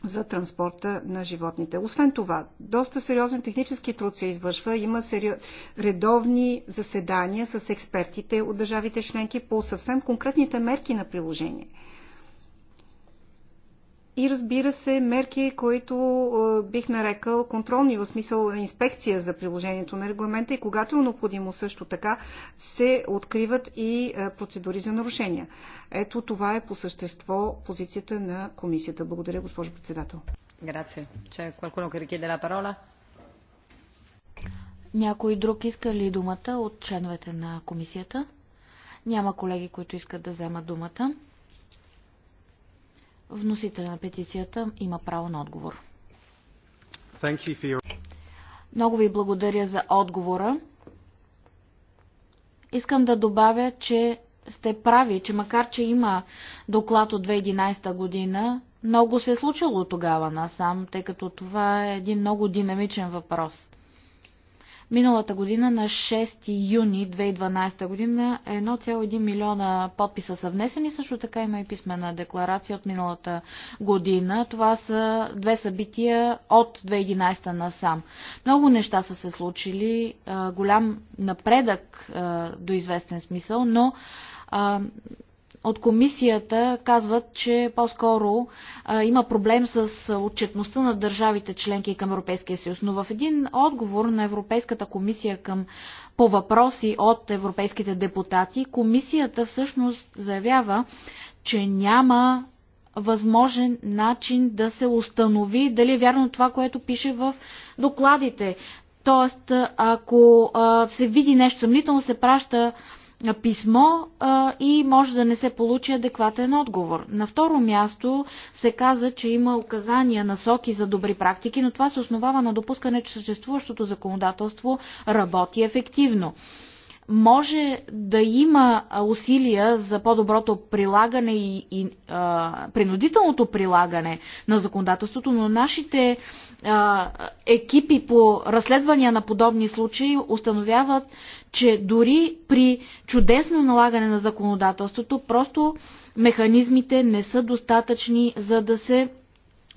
за транспорта на животните. Освен това, доста сериозен технически труд се извършва. Има сери... редовни заседания с експертите от държавите членки по съвсем конкретните мерки на приложение – и разбира се, мерки, които бих нарекал контролни, в смисъл инспекция за приложението на регламента и когато е необходимо също така се откриват и процедури за нарушения. Ето това е по същество позицията на комисията. Благодаря, госпожо председател. Грация. Че qualcuno che richiede la parola? Някой друг иска ли думата от членовете на комисията? Няма колеги, които искат да вземат думата. Вносителя на петицията има право на отговор. You your... Много ви благодаря за отговора. Искам да добавя, че сте прави, че макар, че има доклад от 2011 година, много се е случило тогава насам, тъй като това е един много динамичен въпрос. Миналата година на 6 юни 2012 година 1,1 милиона подписа са внесени. Също така има и писмена декларация от миналата година. Това са две събития от 2011 насам. Много неща са се случили. Голям напредък до известен смисъл, но от комисията казват, че по-скоро има проблем с отчетността на държавите членки към Европейския съюз. Но в един отговор на Европейската комисия към по въпроси от европейските депутати, комисията всъщност заявява, че няма възможен начин да се установи дали е вярно това, което пише в докладите. Тоест, ако се види нещо съмнително, се праща писмо а, и може да не се получи адекватен отговор. На второ място се каза, че има указания, насоки за добри практики, но това се основава на допускане, че съществуващото законодателство работи ефективно може да има усилия за по-доброто прилагане и, и а, принудителното прилагане на законодателството, но нашите а, екипи по разследвания на подобни случаи установяват, че дори при чудесно налагане на законодателството, просто механизмите не са достатъчни, за да се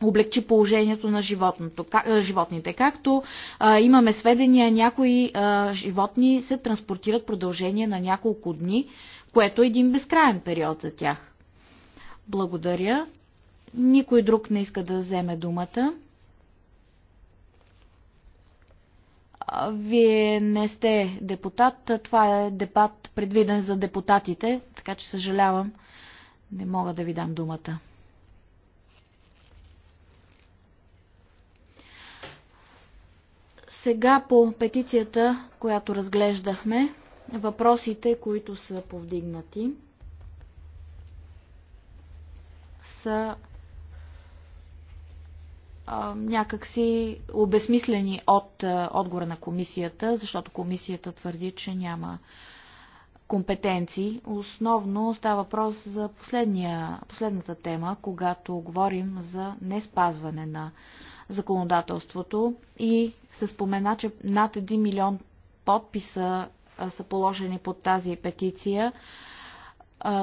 облегчи положението на животното, как, е, животните. Както а, имаме сведения, някои а, животни се транспортират продължение на няколко дни, което е един безкрайен период за тях. Благодаря. Никой друг не иска да вземе думата. Вие не сте депутат. Това е дебат предвиден за депутатите, така че съжалявам, не мога да ви дам думата. Сега по петицията, която разглеждахме, въпросите, които са повдигнати, са някакси обесмислени от отговора на комисията, защото комисията твърди, че няма компетенции. Основно става въпрос за последната тема, когато говорим за неспазване на законодателството и се спомена, че над 1 милион подписа са положени под тази петиция.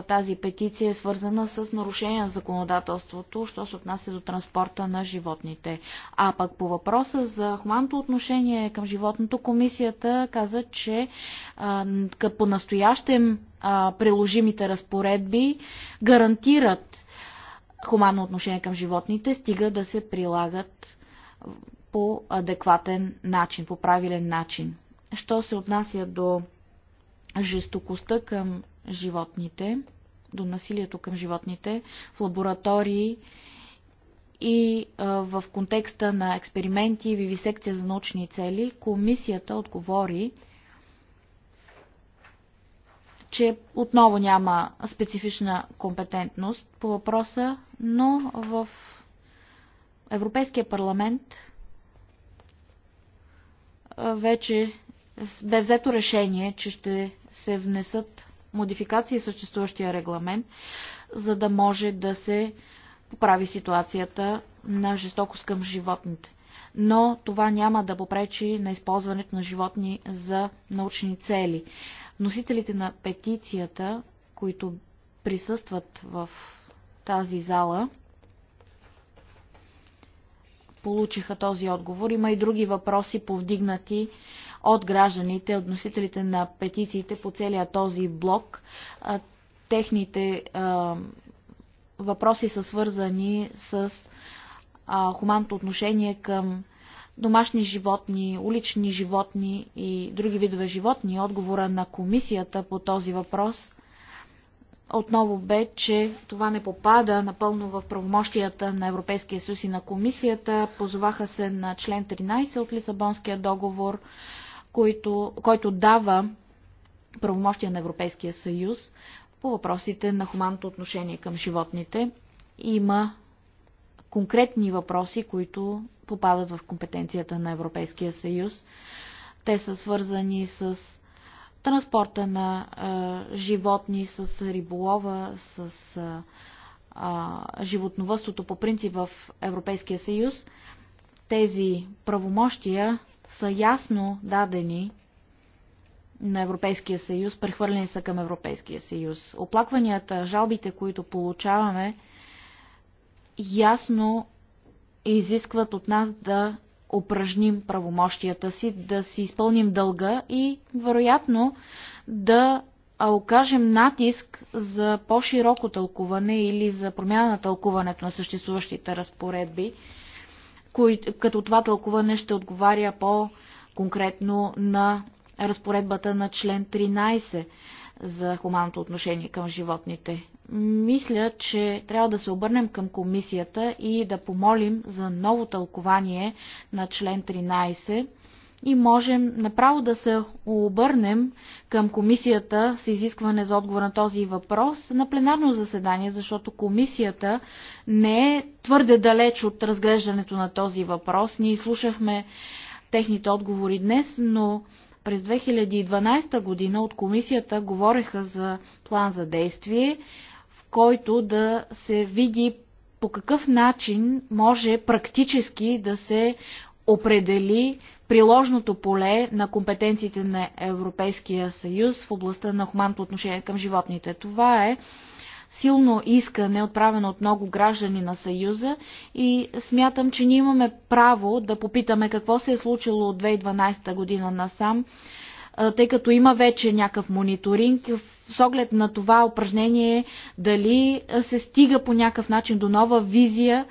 Тази петиция е свързана с нарушение на законодателството, що се отнася до транспорта на животните. А пък по въпроса за хуманното отношение към животното, комисията каза, че по настоящем приложимите разпоредби гарантират хуманно отношение към животните, стига да се прилагат по адекватен начин, по правилен начин. Що се отнася до жестокостта към животните, до насилието към животните в лаборатории и в контекста на експерименти и вивисекция за научни цели, комисията отговори че отново няма специфична компетентност по въпроса, но в Европейския парламент вече бе взето решение, че ще се внесат модификации в съществуващия регламент, за да може да се поправи ситуацията на жестокост към животните. Но това няма да попречи на използването на животни за научни цели. Носителите на петицията, които присъстват в тази зала, получиха този отговор. Има и други въпроси повдигнати от гражданите, от носителите на петициите по целия този блок. Техните въпроси са свързани с хуманното отношение към домашни животни, улични животни и други видове животни. Отговора на комисията по този въпрос отново бе, че това не попада напълно в правомощията на Европейския съюз и на комисията. Позоваха се на член 13 от Лисабонския договор, който, който дава правомощия на Европейския съюз по въпросите на хуманното отношение към животните. Има конкретни въпроси, които попадат в компетенцията на Европейския съюз. Те са свързани с транспорта на а, животни, с риболова, с а, а, животновъдството по принцип в Европейския съюз. Тези правомощия са ясно дадени на Европейския съюз, прехвърлени са към Европейския съюз. Оплакванията, жалбите, които получаваме, ясно изискват от нас да упражним правомощията си, да си изпълним дълга и вероятно да окажем натиск за по-широко тълкуване или за промяна на тълкуването на съществуващите разпоредби, кои, като това тълкуване ще отговаря по-конкретно на разпоредбата на член 13 за хуманното отношение към животните мисля, че трябва да се обърнем към комисията и да помолим за ново тълкование на член 13 и можем направо да се обърнем към комисията с изискване за отговор на този въпрос на пленарно заседание, защото комисията не е твърде далеч от разглеждането на този въпрос. Ние слушахме техните отговори днес, но през 2012 година от комисията говореха за план за действие който да се види по какъв начин може практически да се определи приложното поле на компетенциите на Европейския съюз в областта на хуманното отношение към животните. Това е силно искане, отправено от много граждани на Съюза и смятам, че ние имаме право да попитаме какво се е случило от 2012 година насам, тъй като има вече някакъв мониторинг, с оглед на това упражнение дали се стига по някакъв начин до нова визия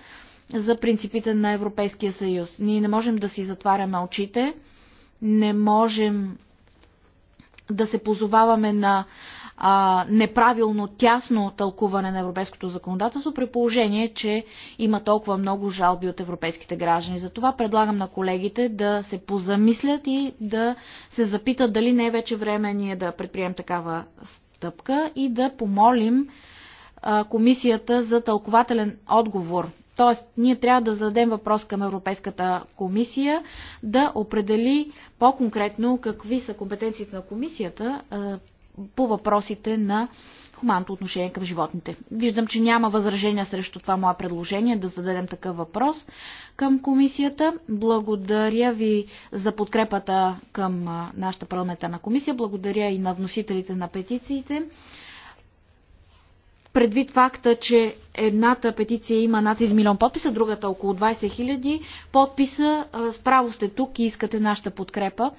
за принципите на Европейския съюз. Ние не можем да си затваряме очите, не можем да се позоваваме на а, неправилно тясно тълкуване на европейското законодателство, при положение, че има толкова много жалби от европейските граждани. Затова предлагам на колегите да се позамислят и да се запитат дали не е вече време ние да предприемем такава стъпка и да помолим комисията за тълкователен отговор. Тоест, ние трябва да зададем въпрос към Европейската комисия да определи по-конкретно какви са компетенциите на комисията по въпросите на хуманното отношение към животните. Виждам, че няма възражения срещу това мое предложение да зададем такъв въпрос към комисията. Благодаря ви за подкрепата към нашата парламентарна комисия. Благодаря и на вносителите на петициите предвид факта, че едната петиция има над 1 милион подписа, другата около 20 хиляди подписа, справо сте тук и искате нашата подкрепа.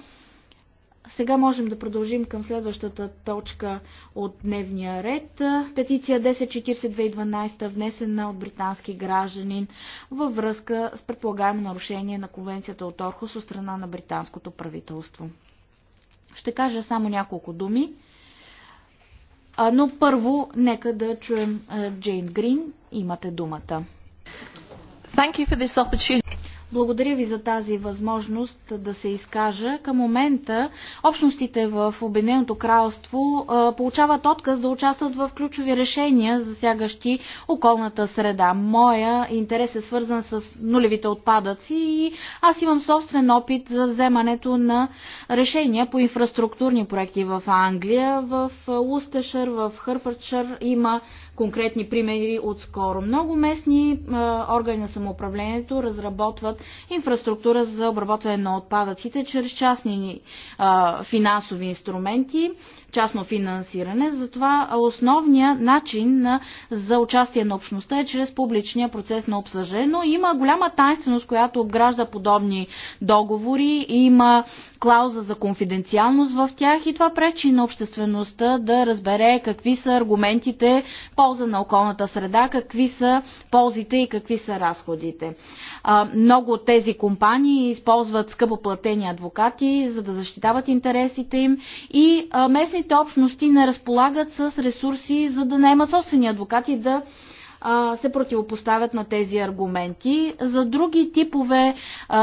Сега можем да продължим към следващата точка от дневния ред. Петиция 1040-2012, внесена от британски гражданин във връзка с предполагаемо нарушение на конвенцията от Орхус от страна на британското правителство. Ще кажа само няколко думи. Но първо, нека да чуем Джейн Грин. Имате думата. Thank you for this opportunity. Благодаря ви за тази възможност да се изкажа. Към момента общностите в Обединеното кралство получават отказ да участват в ключови решения, засягащи околната среда. Моя интерес е свързан с нулевите отпадъци и аз имам собствен опит за вземането на решения по инфраструктурни проекти в Англия. В Устешър, в Хърфърдшър има конкретни примери от скоро. Много местни а, органи на самоуправлението разработват инфраструктура за обработване на отпадъците чрез частни а, финансови инструменти частно финансиране. Затова основният начин за участие на общността е чрез публичния процес на обсъждане. Но има голяма тайнственост, която обгражда подобни договори. Има клауза за конфиденциалност в тях и това пречи на обществеността да разбере какви са аргументите полза на околната среда, какви са ползите и какви са разходите. Много от тези компании използват скъпоплатени адвокати, за да защитават интересите им и местните местните общности не разполагат с ресурси, за да имат собствени адвокати да се противопоставят на тези аргументи. За други типове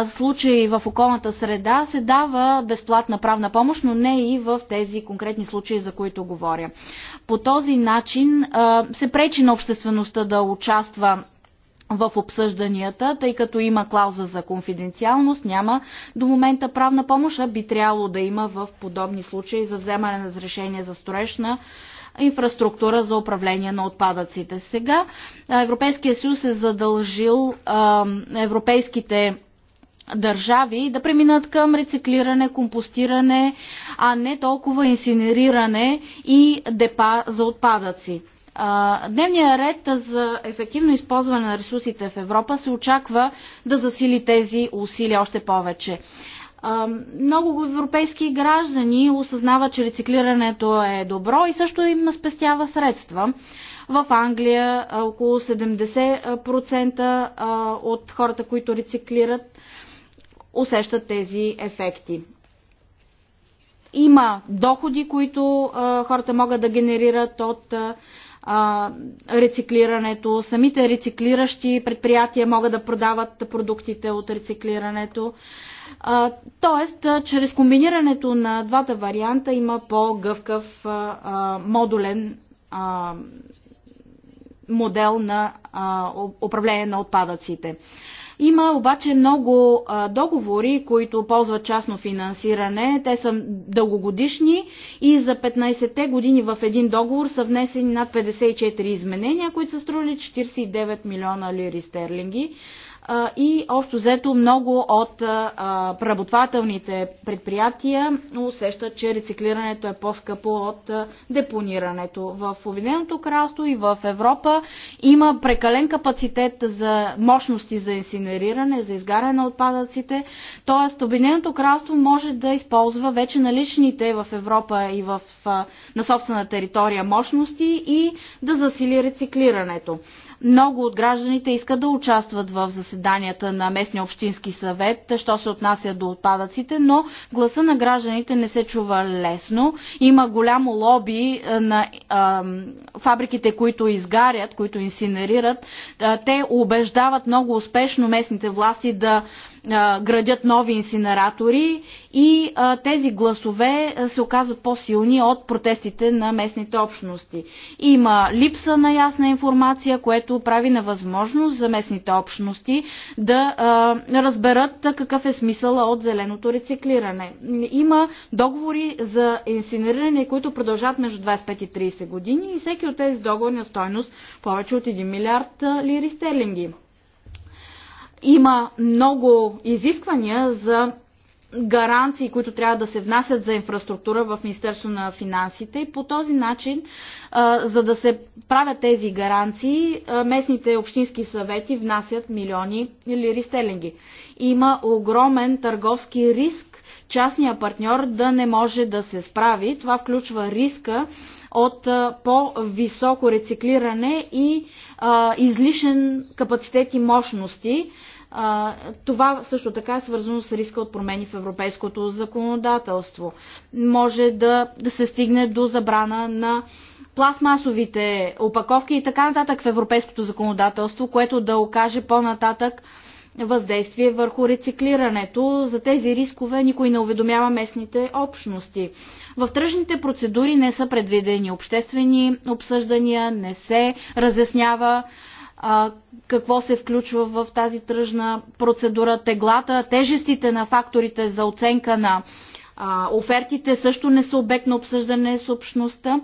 случаи в околната среда се дава безплатна правна помощ, но не и в тези конкретни случаи, за които говоря. По този начин се пречи на обществеността да участва в обсъжданията, тъй като има клауза за конфиденциалност, няма до момента правна помощ, а би трябвало да има в подобни случаи за вземане на разрешение за строеж на инфраструктура за управление на отпадъците. Сега Европейския съюз е задължил а, европейските държави да преминат към рециклиране, компостиране, а не толкова инсинериране и депа за отпадъци. Дневният ред за ефективно използване на ресурсите в Европа се очаква да засили тези усилия още повече. Много европейски граждани осъзнават, че рециклирането е добро и също им спестява средства. В Англия около 70% от хората, които рециклират, усещат тези ефекти. Има доходи, които хората могат да генерират от а, рециклирането. Самите рециклиращи предприятия могат да продават продуктите от рециклирането. А, тоест, чрез комбинирането на двата варианта има по-гъвкав модулен а, модел на а, управление на отпадъците. Има обаче много а, договори, които ползват частно финансиране. Те са дългогодишни и за 15-те години в един договор са внесени над 54 изменения, които са стрували 49 милиона лири стерлинги и общо взето много от преработвателните предприятия усещат, че рециклирането е по-скъпо от депонирането. В Обединеното кралство и в Европа има прекален капацитет за мощности за инсинериране, за изгаряне на отпадъците, т.е. Обединеното кралство може да използва вече наличните в Европа и в, на собствена територия мощности и да засили рециклирането. Много от гражданите искат да участват в заседанията на местния общински съвет, що се отнася до отпадъците, но гласа на гражданите не се чува лесно. Има голямо лоби е, на а, фабриките, които изгарят, които инсинерират. Те убеждават много успешно местните власти да градят нови инсинератори и тези гласове се оказват по-силни от протестите на местните общности. Има липса на ясна информация, което прави невъзможност за местните общности да разберат какъв е смисъла от зеленото рециклиране. Има договори за инсинериране, които продължават между 25 и 30 години и всеки от тези договори на стойност повече от 1 милиард лири стерлинги има много изисквания за гаранции, които трябва да се внасят за инфраструктура в Министерство на финансите и по този начин, за да се правят тези гаранции, местните общински съвети внасят милиони лири ристелинги. Има огромен търговски риск частния партньор да не може да се справи. Това включва риска от по-високо рециклиране и излишен капацитет и мощности. Това също така е свързано с риска от промени в европейското законодателство. Може да, да се стигне до забрана на пластмасовите опаковки и така нататък в европейското законодателство, което да окаже по-нататък въздействие върху рециклирането. За тези рискове никой не уведомява местните общности. В тръжните процедури не са предвидени обществени обсъждания, не се разяснява а, какво се включва в тази тръжна процедура, теглата, тежестите на факторите за оценка на а, офертите също не са обект на обсъждане с общността.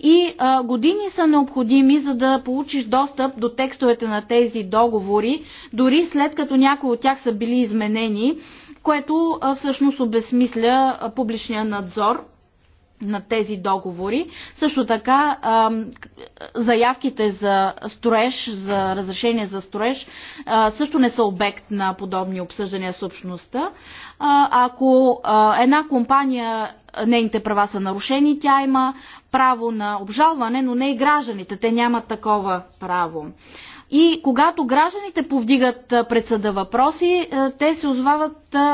И а, години са необходими, за да получиш достъп до текстовете на тези договори, дори след като някои от тях са били изменени, което а, всъщност обезмисля а, публичния надзор на тези договори. Също така заявките за строеж, за разрешение за строеж също не са обект на подобни обсъждания с общността. Ако една компания нейните права са нарушени, тя има право на обжалване, но не и гражданите. Те нямат такова право. И когато гражданите повдигат пред съда въпроси, те се озвават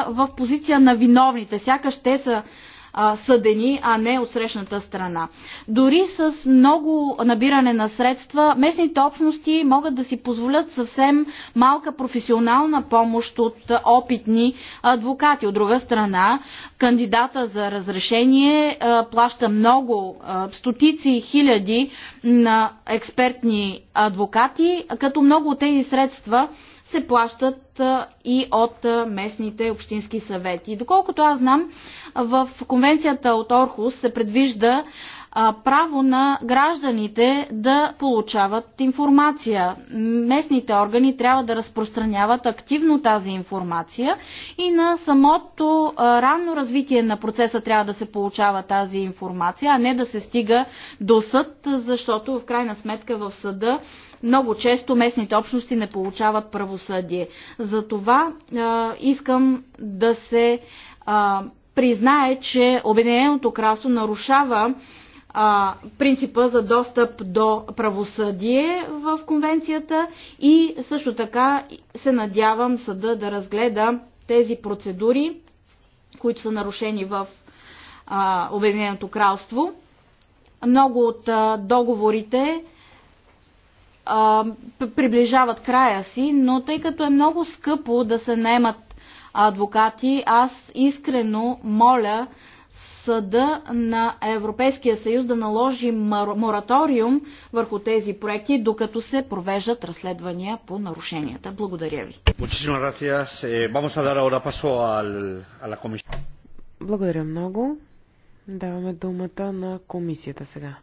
в позиция на виновните. Сякаш те са а, съдени, а не от срещната страна. Дори с много набиране на средства, местните общности могат да си позволят съвсем малка професионална помощ от опитни адвокати. От друга страна, кандидата за разрешение а, плаща много, а, стотици хиляди на експертни адвокати, като много от тези средства се плащат и от местните общински съвети. Доколкото аз знам, в конвенцията от Орхус се предвижда право на гражданите да получават информация. Местните органи трябва да разпространяват активно тази информация и на самото ранно развитие на процеса трябва да се получава тази информация, а не да се стига до съд, защото в крайна сметка в съда много често местните общности не получават правосъдие. За това искам да се признае, че Обединеното кралство нарушава а, принципа за достъп до правосъдие в конвенцията и също така се надявам съда да разгледа тези процедури, които са нарушени в а, Обединеното кралство. Много от а, договорите приближават края си, но тъй като е много скъпо да се наемат адвокати, аз искрено моля съда на Европейския съюз да наложи мораториум върху тези проекти, докато се провеждат разследвания по нарушенията. Благодаря ви. Eh, Благодаря много. Даваме думата на комисията сега.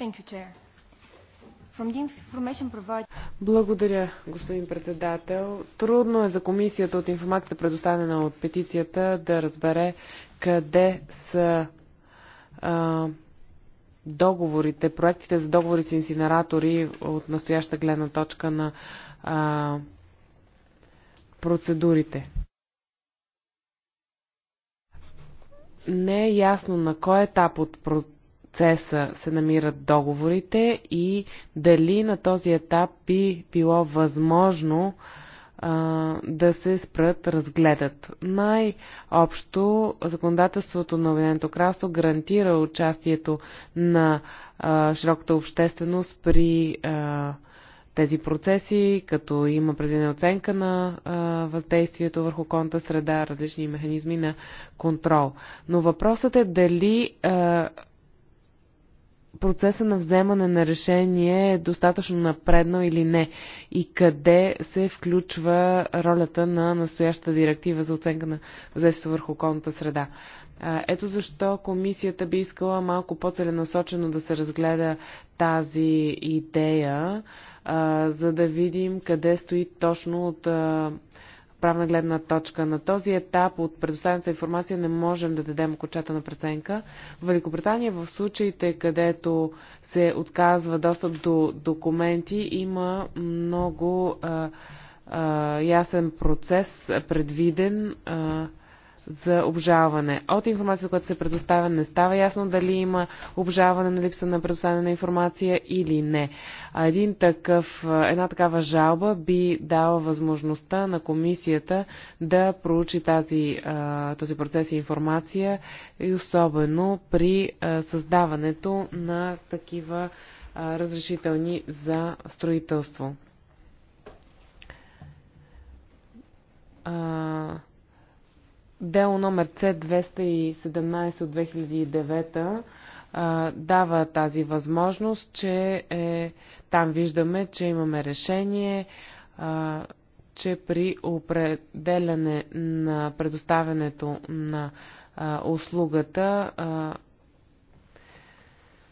Thank you, Chair. Благодаря, господин председател. Трудно е за комисията от информацията, предоставена от петицията, да разбере къде са а, договорите, проектите за договори с инсинератори от настояща гледна точка на а, процедурите. Не е ясно на кой етап от процедурите процеса се намират договорите и дали на този етап би било възможно а, да се спрат, разгледат. Най-общо законодателството на Обединеното кралство гарантира участието на а, широката общественост при а, тези процеси, като има предвидена оценка на а, въздействието върху конта среда, различни механизми на контрол. Но въпросът е дали а, процеса на вземане на решение е достатъчно напредно или не и къде се включва ролята на настоящата директива за оценка на взето върху околната среда. Ето защо комисията би искала малко по-целенасочено да се разгледа тази идея, за да видим къде стои точно от правна гледна точка. На този етап от предоставената информация не можем да дадем на преценка. В Великобритания в случаите, където се отказва достъп до документи, има много а, а, ясен процес предвиден. А, за обжалване. От информацията, която се предоставя, не става ясно дали има обжалване на липса на предоставяне на информация или не. А един такъв, една такава жалба би дала възможността на комисията да проучи тази, този процес и информация и особено при създаването на такива разрешителни за строителство Дело номер C217 от 2009 а, дава тази възможност, че е, там виждаме, че имаме решение, а, че при определяне на предоставянето на а, услугата а,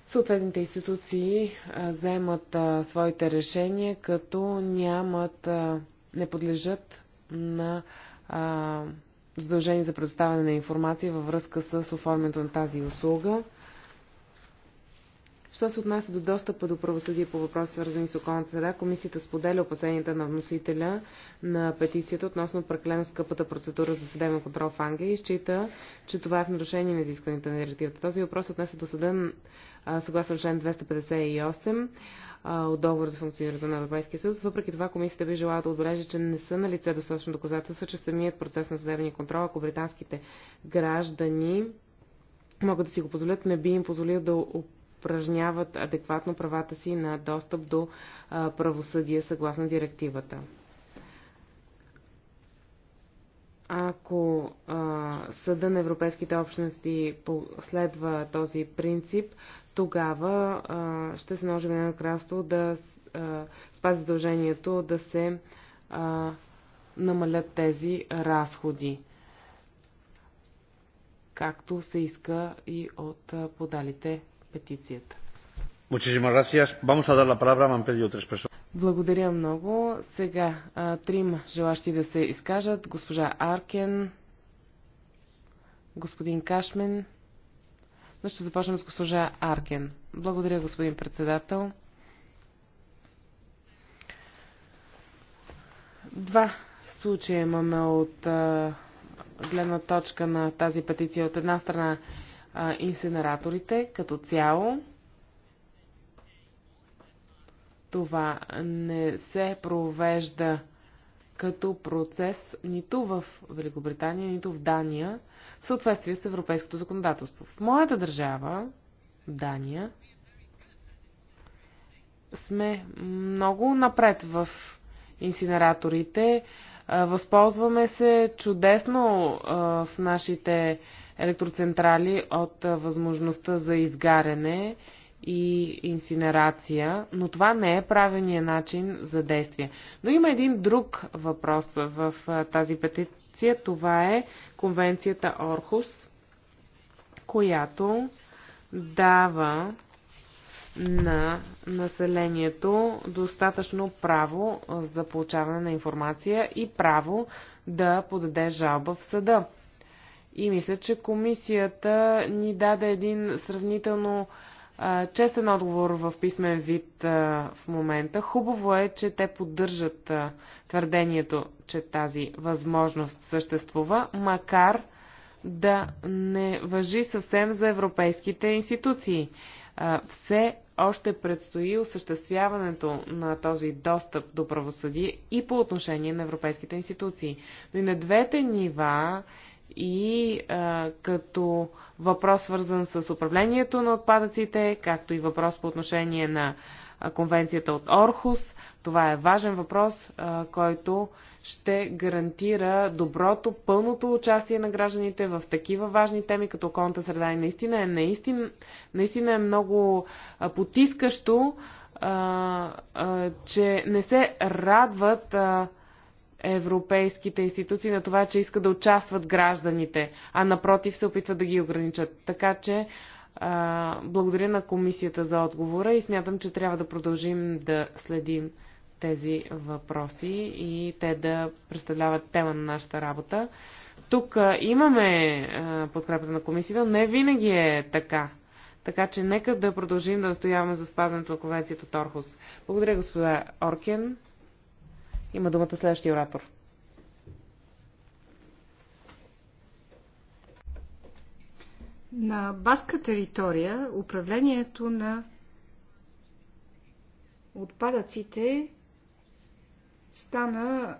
съответните институции а, вземат а, своите решения, като нямат, а, не подлежат на а, задължени за предоставяне на информация във връзка с оформянето на тази услуга. Що се отнася до достъпа до правосъдие по въпроси, свързани с околната среда, комисията споделя опасенията на вносителя на петицията относно прекалено скъпата процедура за съдебен контрол в Англия и счита, че това е в нарушение на изискванията на директивата. Този въпрос отнесе до съда съгласно член 258 от договор за функционирането на Европейския съюз. Въпреки това, комисията би желала да отбележи, че не са на лице достатъчно доказателства, че самият процес на съдебния контрол, ако британските граждани могат да си го позволят, не би им позволил да упражняват адекватно правата си на достъп до правосъдие съгласно директивата. Ако а, съда на европейските общности следва този принцип, тогава а, ще се наложи на кралство да а, спази задължението да се а, намалят тези разходи, както се иска и от а, подалите петицията. Благодаря много. Сега трима желащи да се изкажат. Госпожа Аркен, господин Кашмен но ще започнем с госпожа Аркен. Благодаря, господин председател. Два случая имаме от а, гледна точка на тази петиция. От една страна а, инсинераторите като цяло. Това не се провежда като процес нито в Великобритания, нито в Дания, в съответствие с европейското законодателство. В моята държава, Дания, сме много напред в инсинераторите. Възползваме се чудесно в нашите електроцентрали от възможността за изгаряне и инсинерация, но това не е правилният начин за действие. Но има един друг въпрос в тази петиция. Това е конвенцията Орхус, която дава на населението достатъчно право за получаване на информация и право да подаде жалба в съда. И мисля, че комисията ни даде един сравнително честен отговор в писмен вид в момента. Хубаво е, че те поддържат твърдението, че тази възможност съществува, макар да не въжи съвсем за европейските институции. Все още предстои осъществяването на този достъп до правосъдие и по отношение на европейските институции. Но и на двете нива и а, като въпрос свързан с управлението на отпадъците, както и въпрос по отношение на конвенцията от Орхус. Това е важен въпрос, а, който ще гарантира доброто, пълното участие на гражданите в такива важни теми, като околната среда. И наистина е, наистина, наистина е много потискащо, а, а, че не се радват а, европейските институции на това, че искат да участват гражданите, а напротив се опитват да ги ограничат. Така че а, благодаря на комисията за отговора и смятам, че трябва да продължим да следим тези въпроси и те да представляват тема на нашата работа. Тук а, имаме а, подкрепата на комисията, но не винаги е така. Така че нека да продължим да настояваме за спазването на конвенцията Торхус. Благодаря, господа Оркен. Има думата следващия оратор. На баска територия управлението на отпадъците стана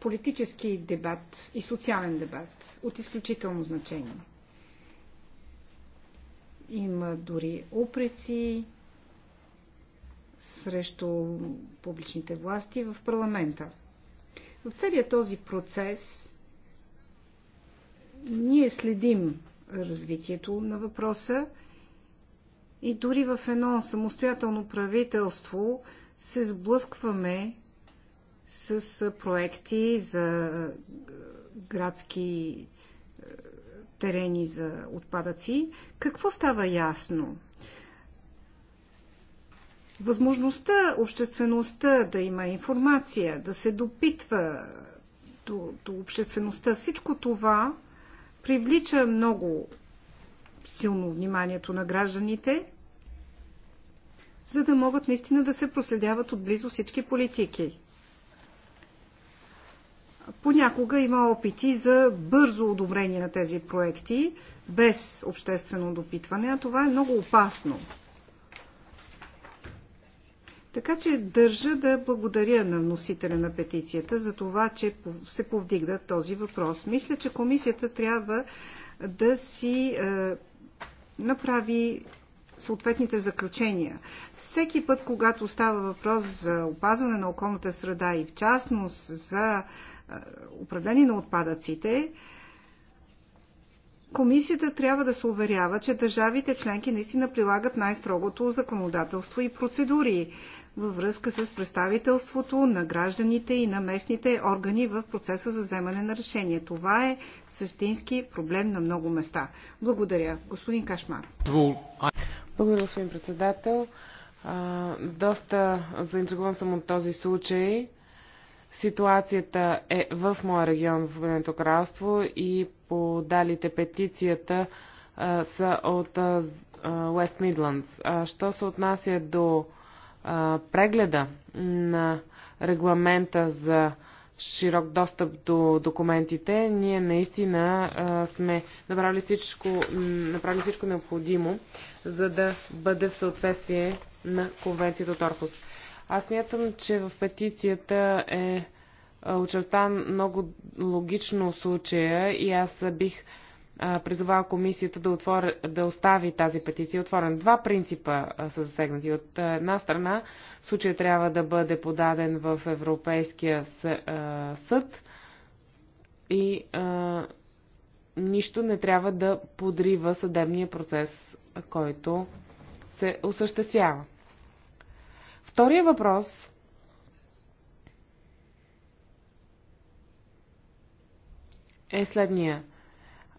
политически дебат и социален дебат от изключително значение. Има дори упреци срещу публичните власти в парламента. В целия този процес ние следим развитието на въпроса и дори в едно самостоятелно правителство се сблъскваме с проекти за градски терени за отпадъци. Какво става ясно? Възможността обществеността да има информация, да се допитва до, до обществеността, всичко това привлича много силно вниманието на гражданите, за да могат наистина да се проследяват отблизо всички политики. Понякога има опити за бързо одобрение на тези проекти без обществено допитване, а това е много опасно. Така че държа да благодаря на носителя на петицията за това, че се повдигна този въпрос. Мисля, че комисията трябва да си е, направи съответните заключения. Всеки път, когато става въпрос за опазване на околната среда и в частност за е, управление на отпадъците, Комисията трябва да се уверява, че държавите членки наистина прилагат най-строгото законодателство и процедури във връзка с представителството на гражданите и на местните органи в процеса за вземане на решение. Това е същински проблем на много места. Благодаря. Господин Кашмар. Благодаря, господин председател. доста заинтригуван съм от този случай. Ситуацията е в моя регион в Обединеното кралство и подалите петицията са от Уест West Midlands. що се отнася до прегледа на регламента за широк достъп до документите, ние наистина сме направили всичко, направили всичко необходимо, за да бъде в съответствие на конвенцията от Орхус. Аз мятам, че в петицията е очертан много логично случая и аз бих призовава комисията да, отвор, да остави тази петиция отворена. Два принципа а, са засегнати. От една страна, случай трябва да бъде подаден в Европейския съд и а, нищо не трябва да подрива съдебния процес, който се осъществява. Втория въпрос е следния –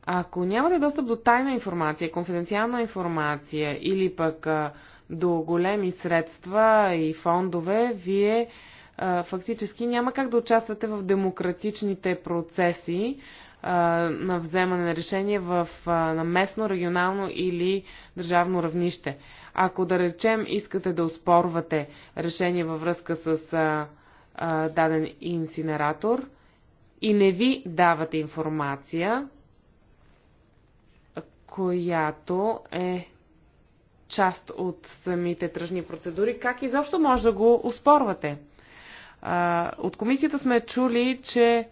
ако нямате достъп до тайна информация, конфиденциална информация или пък до големи средства и фондове, вие фактически няма как да участвате в демократичните процеси на вземане на решение в, на местно, регионално или държавно равнище. Ако да речем искате да успорвате решение във връзка с а, а, даден инсинератор и не ви давате информация, която е част от самите тръжни процедури, как изобщо може да го успорвате? От комисията сме чули, че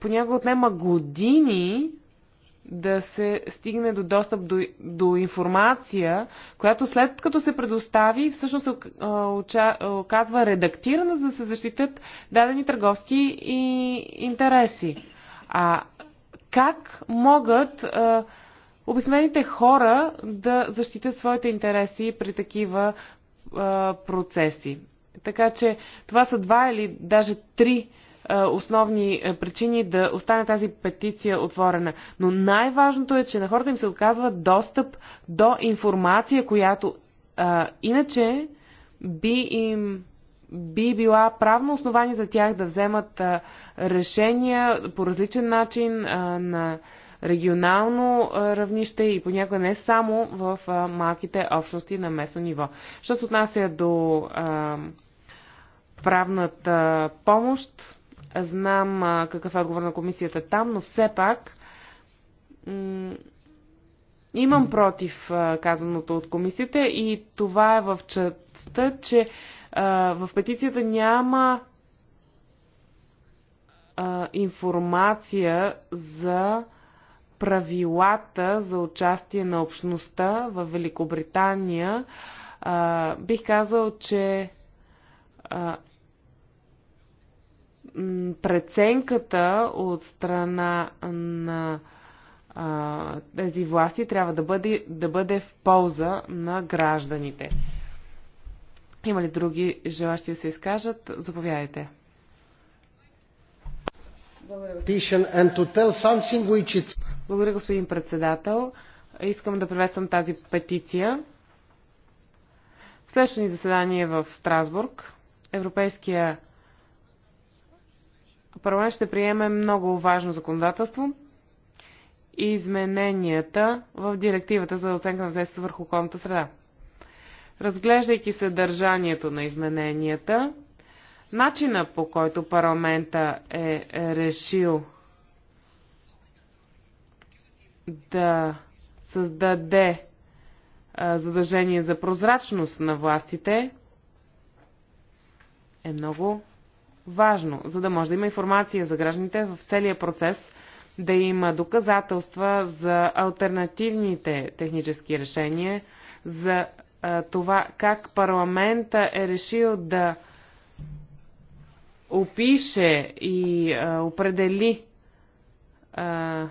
понякога отнема години да се стигне до достъп до, до информация, която след като се предостави, всъщност се оказва редактирана, за да се защитят дадени търговски и интереси. А как могат а, обикновените хора да защитят своите интереси при такива а, процеси. Така че това са два или даже три а, основни причини да остане тази петиция отворена. Но най-важното е, че на хората им се оказва достъп до информация, която а, иначе би им би била правно основание за тях да вземат решения по различен начин на регионално равнище и понякога не само в малките общности на местно ниво. Що се отнася до правната помощ, знам какъв е отговор на комисията там, но все пак имам против казаното от комисията и това е в частта, че в петицията няма информация за правилата за участие на общността в Великобритания. бих казал, че преценката от страна на тези власти трябва да бъде, да бъде в полза на гражданите. Има ли други желащи да се изкажат? Заповядайте. Благодаря, господин председател. Искам да приветствам тази петиция. Следващото ни заседание е в Страсбург. Европейския парламент ще приеме много важно законодателство и измененията в директивата за оценка на взаимство върху околната среда разглеждайки съдържанието на измененията, начина по който парламента е решил да създаде задължение за прозрачност на властите, е много важно, за да може да има информация за гражданите в целия процес, да има доказателства за альтернативните технически решения, за това как парламента е решил да опише и а, определи а,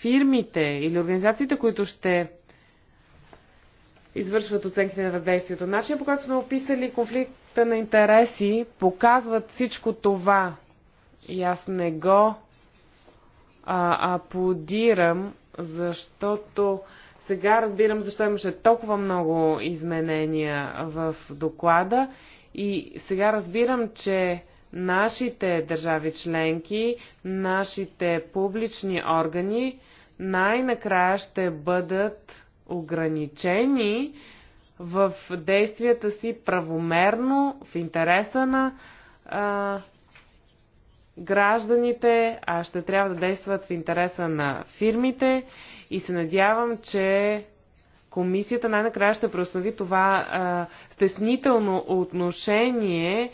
фирмите или организациите, които ще извършват оценките на въздействието. Начинът по който сме описали конфликта на интереси показват всичко това. И аз не го а, аплодирам, защото сега разбирам защо имаше толкова много изменения в доклада и сега разбирам, че нашите държави членки, нашите публични органи най-накрая ще бъдат ограничени в действията си правомерно в интереса на а, гражданите, а ще трябва да действат в интереса на фирмите и се надявам, че комисията най-накрая ще преоснови това а, стеснително отношение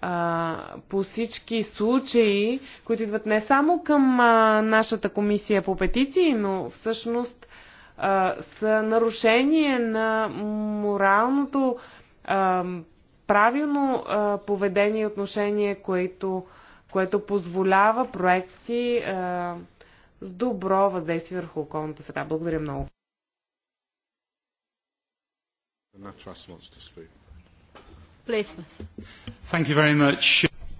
а, по всички случаи, които идват не само към а, нашата комисия по петиции, но всъщност а, са нарушение на моралното а, правилно а, поведение и отношение, което, което позволява проекти. А, с добро въздействие върху околната среда. Благодаря много.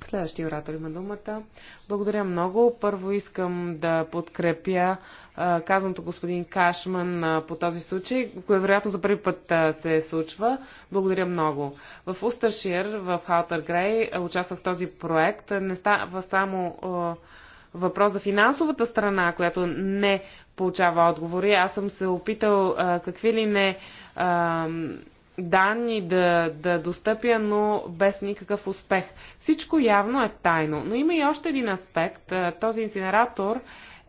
Следващия оратор има думата. Благодаря много. Първо искам да подкрепя казаното господин Кашман по този случай, кое вероятно за първи път се случва. Благодаря много. В Устършир, в Халтер Грей, участвах в този проект. Не става само въпрос за финансовата страна, която не получава отговори. Аз съм се опитал а, какви ли не а, данни да, да достъпя, но без никакъв успех. Всичко явно е тайно. Но има и още един аспект. Този инсинератор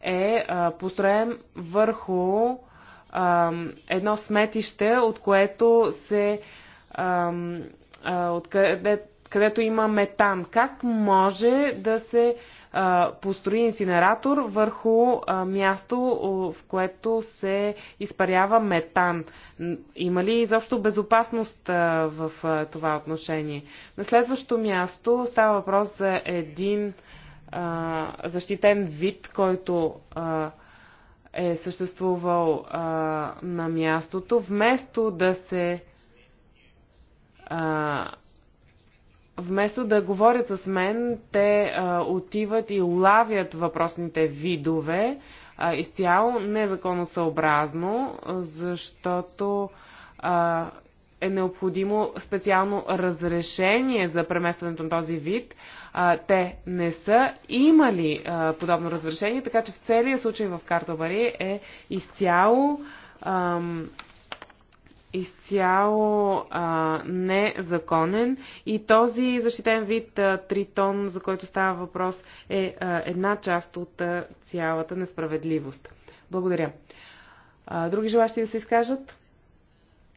е а, построен върху а, едно сметище, от което се. А, а, къде, където има метан. Как може да се построи инсинератор върху място, в което се изпарява метан. Има ли изобщо безопасност в това отношение? На следващо място става въпрос за един защитен вид, който е съществувал а, на мястото, вместо да се а, вместо да говорят с мен, те а, отиват и лавят въпросните видове а, изцяло незаконосъобразно, защото а, е необходимо специално разрешение за преместването на този вид. А, те не са имали а, подобно разрешение, така че в целия случай в Картобари е изцяло изцяло а, незаконен и този защитен вид а, тритон, за който става въпрос, е а, една част от а, цялата несправедливост. Благодаря. А, други желащи да се изкажат?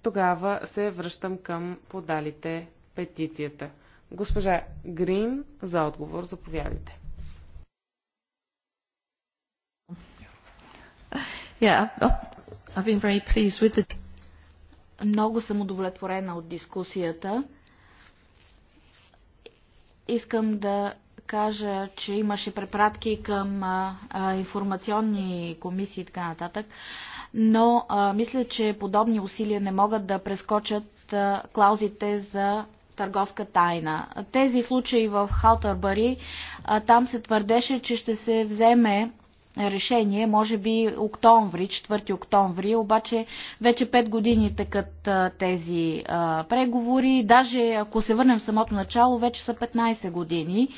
Тогава се връщам към подалите петицията. Госпожа Грин, за отговор, заповядайте. Yeah, I've been very pleased with the много съм удовлетворена от дискусията. Искам да кажа, че имаше препратки към а, а, информационни комисии и така нататък, но а, мисля, че подобни усилия не могат да прескочат а, клаузите за търговска тайна. Тези случаи в Халтърбари, а, там се твърдеше, че ще се вземе решение, може би октомври, 4 октомври, обаче вече 5 години тъкат тези а, преговори, даже ако се върнем в самото начало, вече са 15 години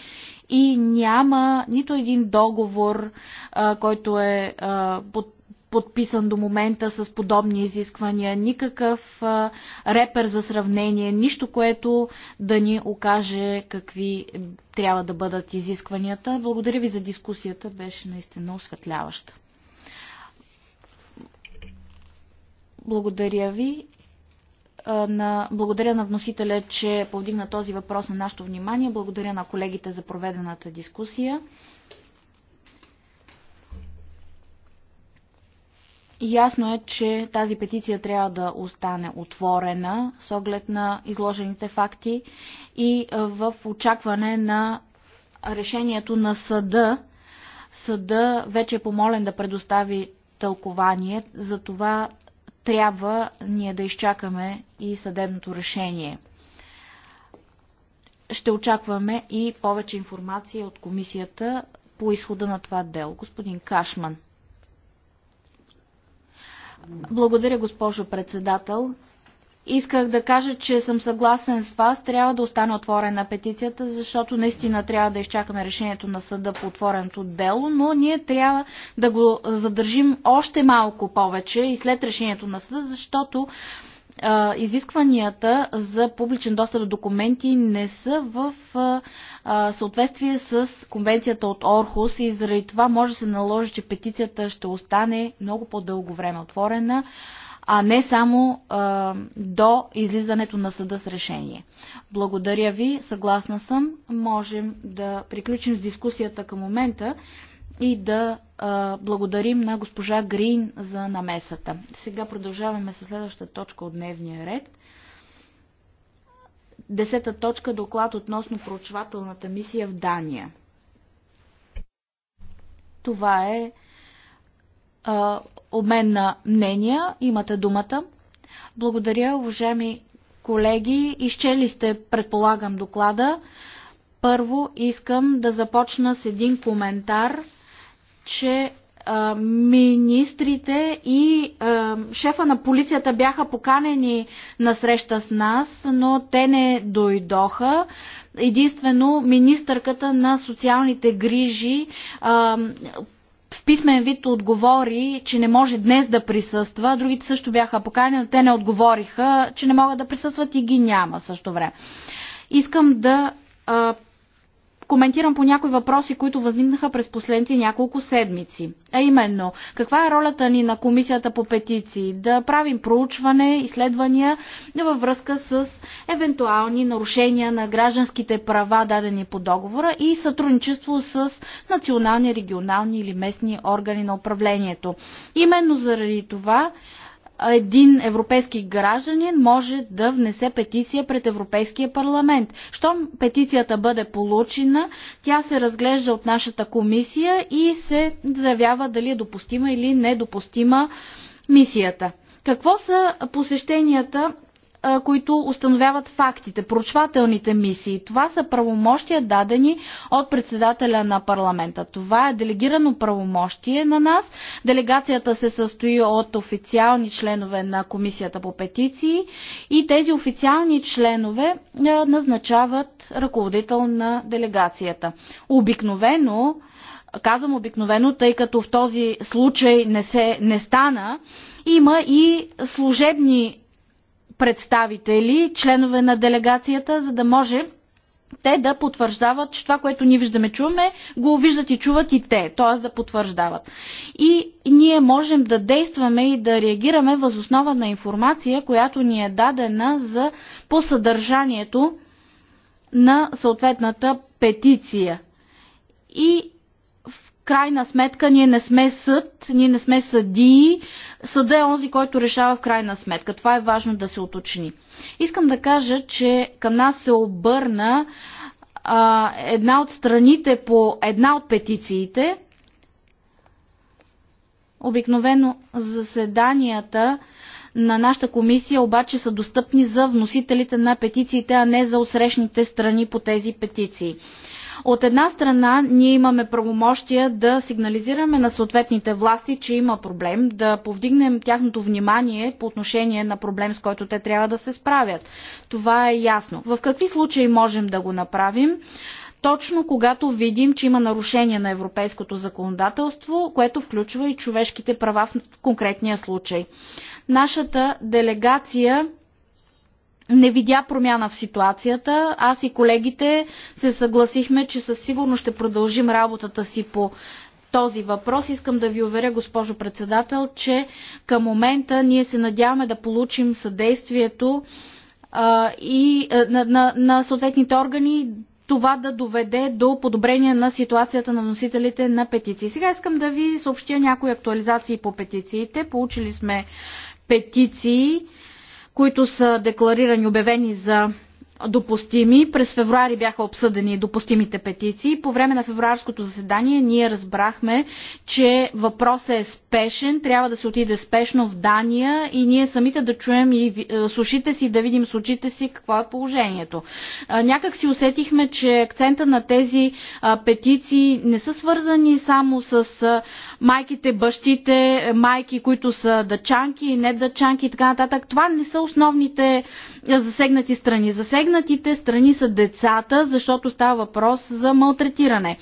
и няма нито един договор, а, който е а, под подписан до момента с подобни изисквания, никакъв репер за сравнение, нищо, което да ни окаже какви трябва да бъдат изискванията. Благодаря ви за дискусията, беше наистина осветляваща. Благодаря ви. На, благодаря на вносителя, че повдигна този въпрос на нашето внимание. Благодаря на колегите за проведената дискусия. Ясно е, че тази петиция трябва да остане отворена с оглед на изложените факти и е, в очакване на решението на съда. Съда вече е помолен да предостави тълкование, затова трябва ние да изчакаме и съдебното решение. Ще очакваме и повече информация от комисията по изхода на това дело. Господин Кашман. Благодаря, госпожо председател. Исках да кажа, че съм съгласен с вас. Трябва да остане отворена петицията, защото наистина трябва да изчакаме решението на съда по отвореното дело, но ние трябва да го задържим още малко повече и след решението на съда, защото а, изискванията за публичен достъп до документи не са в а, съответствие с конвенцията от Орхус и заради това може да се наложи, че петицията ще остане много по-дълго време отворена а не само а, до излизането на съда с решение. Благодаря ви, съгласна съм. Можем да приключим с дискусията към момента и да а, благодарим на госпожа Грин за намесата. Сега продължаваме с следващата точка от дневния ред. Десета точка доклад относно проучвателната мисия в Дания. Това е а, обмен на мнения. Имате думата. Благодаря, уважаеми колеги. Изчели сте, предполагам, доклада. Първо искам да започна с един коментар – че а, министрите и а, шефа на полицията бяха поканени на среща с нас, но те не дойдоха. Единствено министърката на социалните грижи а, в писмен вид отговори, че не може днес да присъства. Другите също бяха поканени, но те не отговориха, че не могат да присъстват и ги няма също време. Искам да а, коментирам по някои въпроси, които възникнаха през последните няколко седмици. А именно, каква е ролята ни на Комисията по петиции? Да правим проучване, изследвания във връзка с евентуални нарушения на гражданските права, дадени по договора и сътрудничество с национални, регионални или местни органи на управлението. Именно заради това един европейски гражданин може да внесе петиция пред Европейския парламент. Щом петицията бъде получена, тя се разглежда от нашата комисия и се заявява дали е допустима или недопустима мисията. Какво са посещенията които установяват фактите, прочвателните мисии. Това са правомощия дадени от председателя на парламента. Това е делегирано правомощие на нас. Делегацията се състои от официални членове на Комисията по петиции и тези официални членове назначават ръководител на делегацията. Обикновено, казвам обикновено, тъй като в този случай не, се, не стана, има и служебни представители, членове на делегацията, за да може те да потвърждават, че това, което ние виждаме, чуваме, го виждат и чуват и те, т.е. да потвърждават. И ние можем да действаме и да реагираме възоснова на информация, която ни е дадена за по съдържанието на съответната петиция. И крайна сметка ние не сме съд, ние не сме съдии. Съда е онзи, който решава в крайна сметка. Това е важно да се уточни. Искам да кажа, че към нас се обърна а, една от страните по една от петициите. Обикновено заседанията на нашата комисия обаче са достъпни за вносителите на петициите, а не за усрещните страни по тези петиции. От една страна, ние имаме правомощия да сигнализираме на съответните власти, че има проблем, да повдигнем тяхното внимание по отношение на проблем, с който те трябва да се справят. Това е ясно. В какви случаи можем да го направим? точно когато видим, че има нарушение на европейското законодателство, което включва и човешките права в конкретния случай. Нашата делегация не видя промяна в ситуацията. Аз и колегите се съгласихме, че със сигурност ще продължим работата си по този въпрос. Искам да ви уверя, госпожо председател, че към момента ние се надяваме да получим съдействието а, и а, на, на, на съответните органи това да доведе до подобрение на ситуацията на носителите на петиции. Сега искам да ви съобщя някои актуализации по петициите. Получили сме петиции които са декларирани, обявени за допустими. През февруари бяха обсъдени допустимите петиции. По време на февруарското заседание ние разбрахме, че въпросът е спешен, трябва да се отиде спешно в Дания и ние самите да чуем и е, с ушите си, да видим с очите си какво е положението. Някак си усетихме, че акцента на тези петиции не са свързани само с майките, бащите, майки, които са дъчанки, не дъчанки и така нататък. Това не са основните засегнати страни. Засегнати засегнатите страни са децата, защото става въпрос за малтретиране.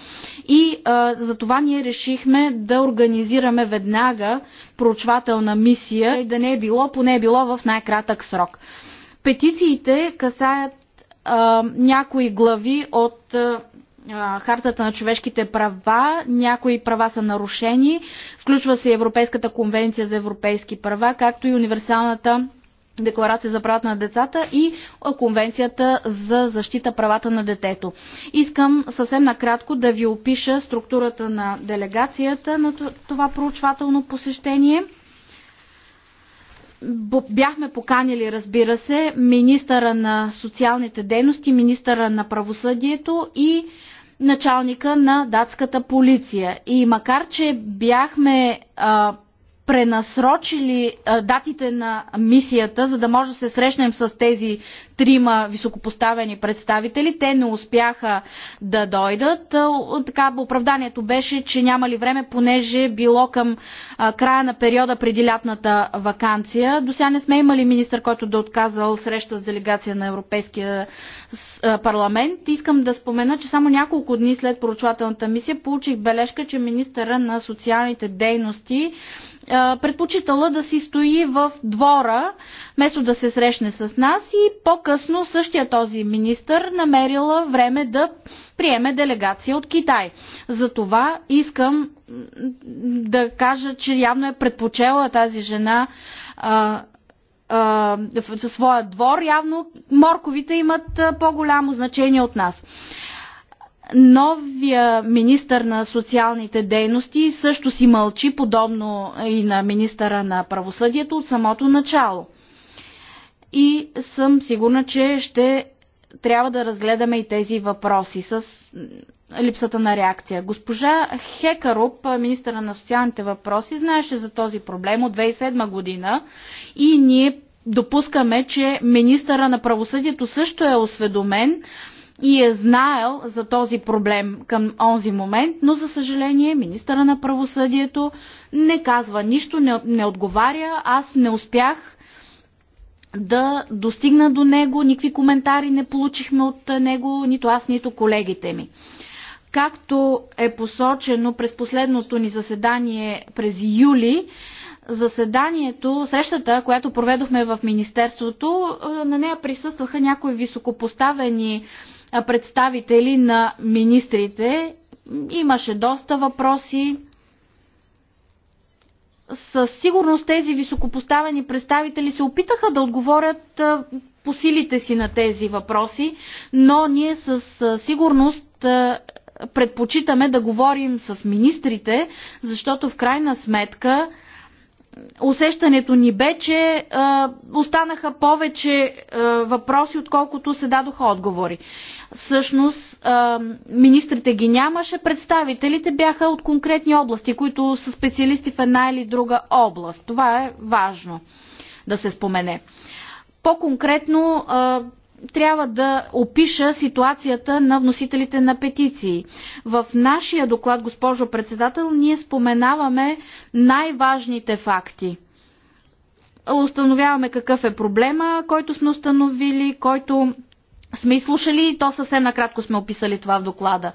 И а, за това ние решихме да организираме веднага проучвателна мисия и да не е било, поне е било в най-кратък срок. Петициите касаят а, някои глави от а, Хартата на човешките права, някои права са нарушени, включва се Европейската конвенция за европейски права, както и универсалната Декларация за правата на децата и Конвенцията за защита правата на детето. Искам съвсем накратко да ви опиша структурата на делегацията на това проучвателно посещение. Бяхме поканили, разбира се, министъра на социалните дейности, министъра на правосъдието и началника на датската полиция. И макар, че бяхме а, пренасрочили датите на мисията, за да може да се срещнем с тези трима високопоставени представители. Те не успяха да дойдат. Е, така, оправданието беше, че нямали време, понеже било към края на периода преди лятната вакансия. До сега не сме имали министр, който да е отказал среща с делегация на Европейския парламент. Искам да спомена, че само няколко дни след поручвателната мисия получих бележка, че министъра на социалните дейности предпочитала да си стои в двора, вместо да се срещне с нас и по по-късно същия този министр намерила време да приеме делегация от Китай. За това искам да кажа, че явно е предпочела тази жена а, а, със своя двор. Явно морковите имат по-голямо значение от нас. Новия министър на социалните дейности също си мълчи, подобно и на министъра на правосъдието от самото начало – и съм сигурна, че ще трябва да разгледаме и тези въпроси с липсата на реакция. Госпожа Хекаруп, министра на социалните въпроси, знаеше за този проблем от 2007 година и ние допускаме, че министра на правосъдието също е осведомен и е знаел за този проблем към онзи момент, но за съжаление министра на правосъдието не казва нищо, не, не отговаря. Аз не успях да достигна до него. Никакви коментари не получихме от него, нито аз, нито колегите ми. Както е посочено през последното ни заседание през юли, заседанието, срещата, която проведохме в Министерството, на нея присъстваха някои високопоставени представители на министрите. Имаше доста въпроси, със сигурност тези високопоставени представители се опитаха да отговорят по силите си на тези въпроси, но ние със сигурност предпочитаме да говорим с министрите, защото в крайна сметка усещането ни бе, че а, останаха повече а, въпроси, отколкото се дадоха отговори. Всъщност, а, министрите ги нямаше, представителите бяха от конкретни области, които са специалисти в една или друга област. Това е важно да се спомене. По-конкретно, трябва да опиша ситуацията на вносителите на петиции. В нашия доклад, госпожо председател, ние споменаваме най-важните факти установяваме какъв е проблема, който сме установили, който сме изслушали и то съвсем накратко сме описали това в доклада.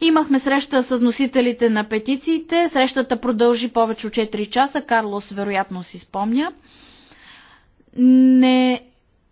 Имахме среща с носителите на петициите. Срещата продължи повече от 4 часа. Карлос вероятно си спомня. Не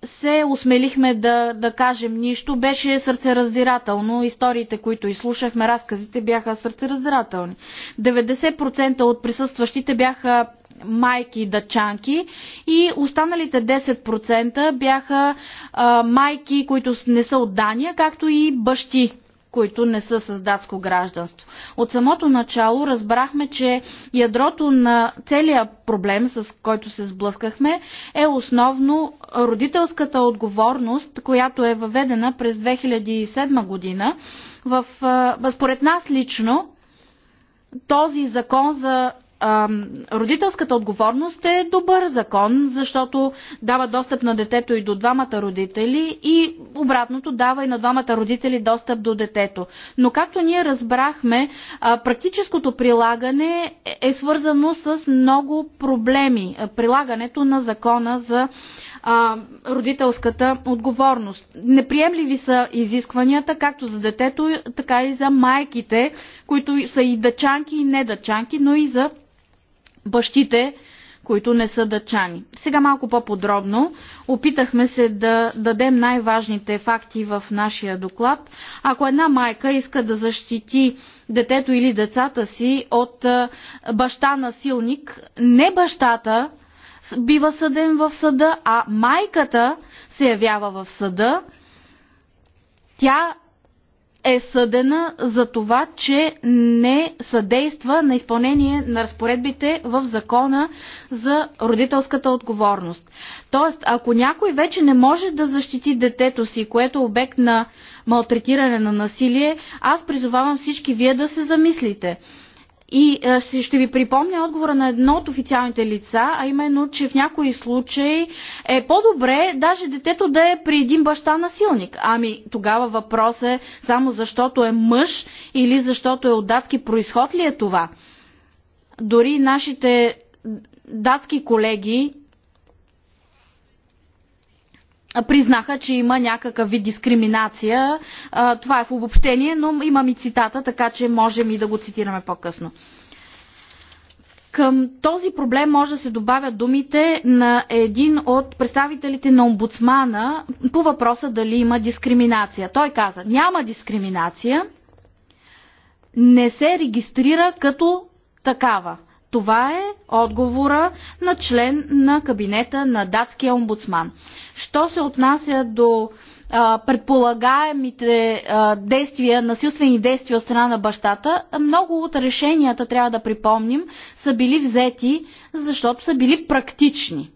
се осмелихме да, да кажем нищо. Беше сърцераздирателно. Историите, които изслушахме, разказите бяха сърцераздирателни. 90% от присъстващите бяха майки дъчанки и останалите 10% бяха а, майки, които не са от Дания, както и бащи които не са с датско гражданство. От самото начало разбрахме, че ядрото на целия проблем, с който се сблъскахме, е основно родителската отговорност, която е въведена през 2007 година. В, според нас лично, този закон за родителската отговорност е добър закон, защото дава достъп на детето и до двамата родители и обратното дава и на двамата родители достъп до детето. Но както ние разбрахме, практическото прилагане е свързано с много проблеми. Прилагането на закона за родителската отговорност. Неприемливи са изискванията както за детето, така и за майките, които са и дъчанки и недъчанки, но и за бащите, които не са дъчани. Сега малко по-подробно. Опитахме се да дадем най-важните факти в нашия доклад. Ако една майка иска да защити детето или децата си от баща насилник, не бащата бива съден в съда, а майката се явява в съда. Тя е съдена за това, че не съдейства на изпълнение на разпоредбите в закона за родителската отговорност. Тоест, ако някой вече не може да защити детето си, което е обект на малтретиране на насилие, аз призовавам всички вие да се замислите. И е, ще ви припомня отговора на едно от официалните лица, а именно, че в някои случаи е по-добре даже детето да е при един баща насилник. Ами тогава въпрос е само защото е мъж или защото е от датски происход ли е това? Дори нашите датски колеги признаха, че има някакъв вид дискриминация. Това е в обобщение, но имам и цитата, така че можем и да го цитираме по-късно. Към този проблем може да се добавят думите на един от представителите на омбудсмана по въпроса дали има дискриминация. Той каза, няма дискриминация, не се регистрира като такава. Това е отговора на член на кабинета на датския омбудсман. Що се отнася до предполагаемите действия, насилствени действия от страна на бащата, много от решенията, трябва да припомним, са били взети, защото са били практични.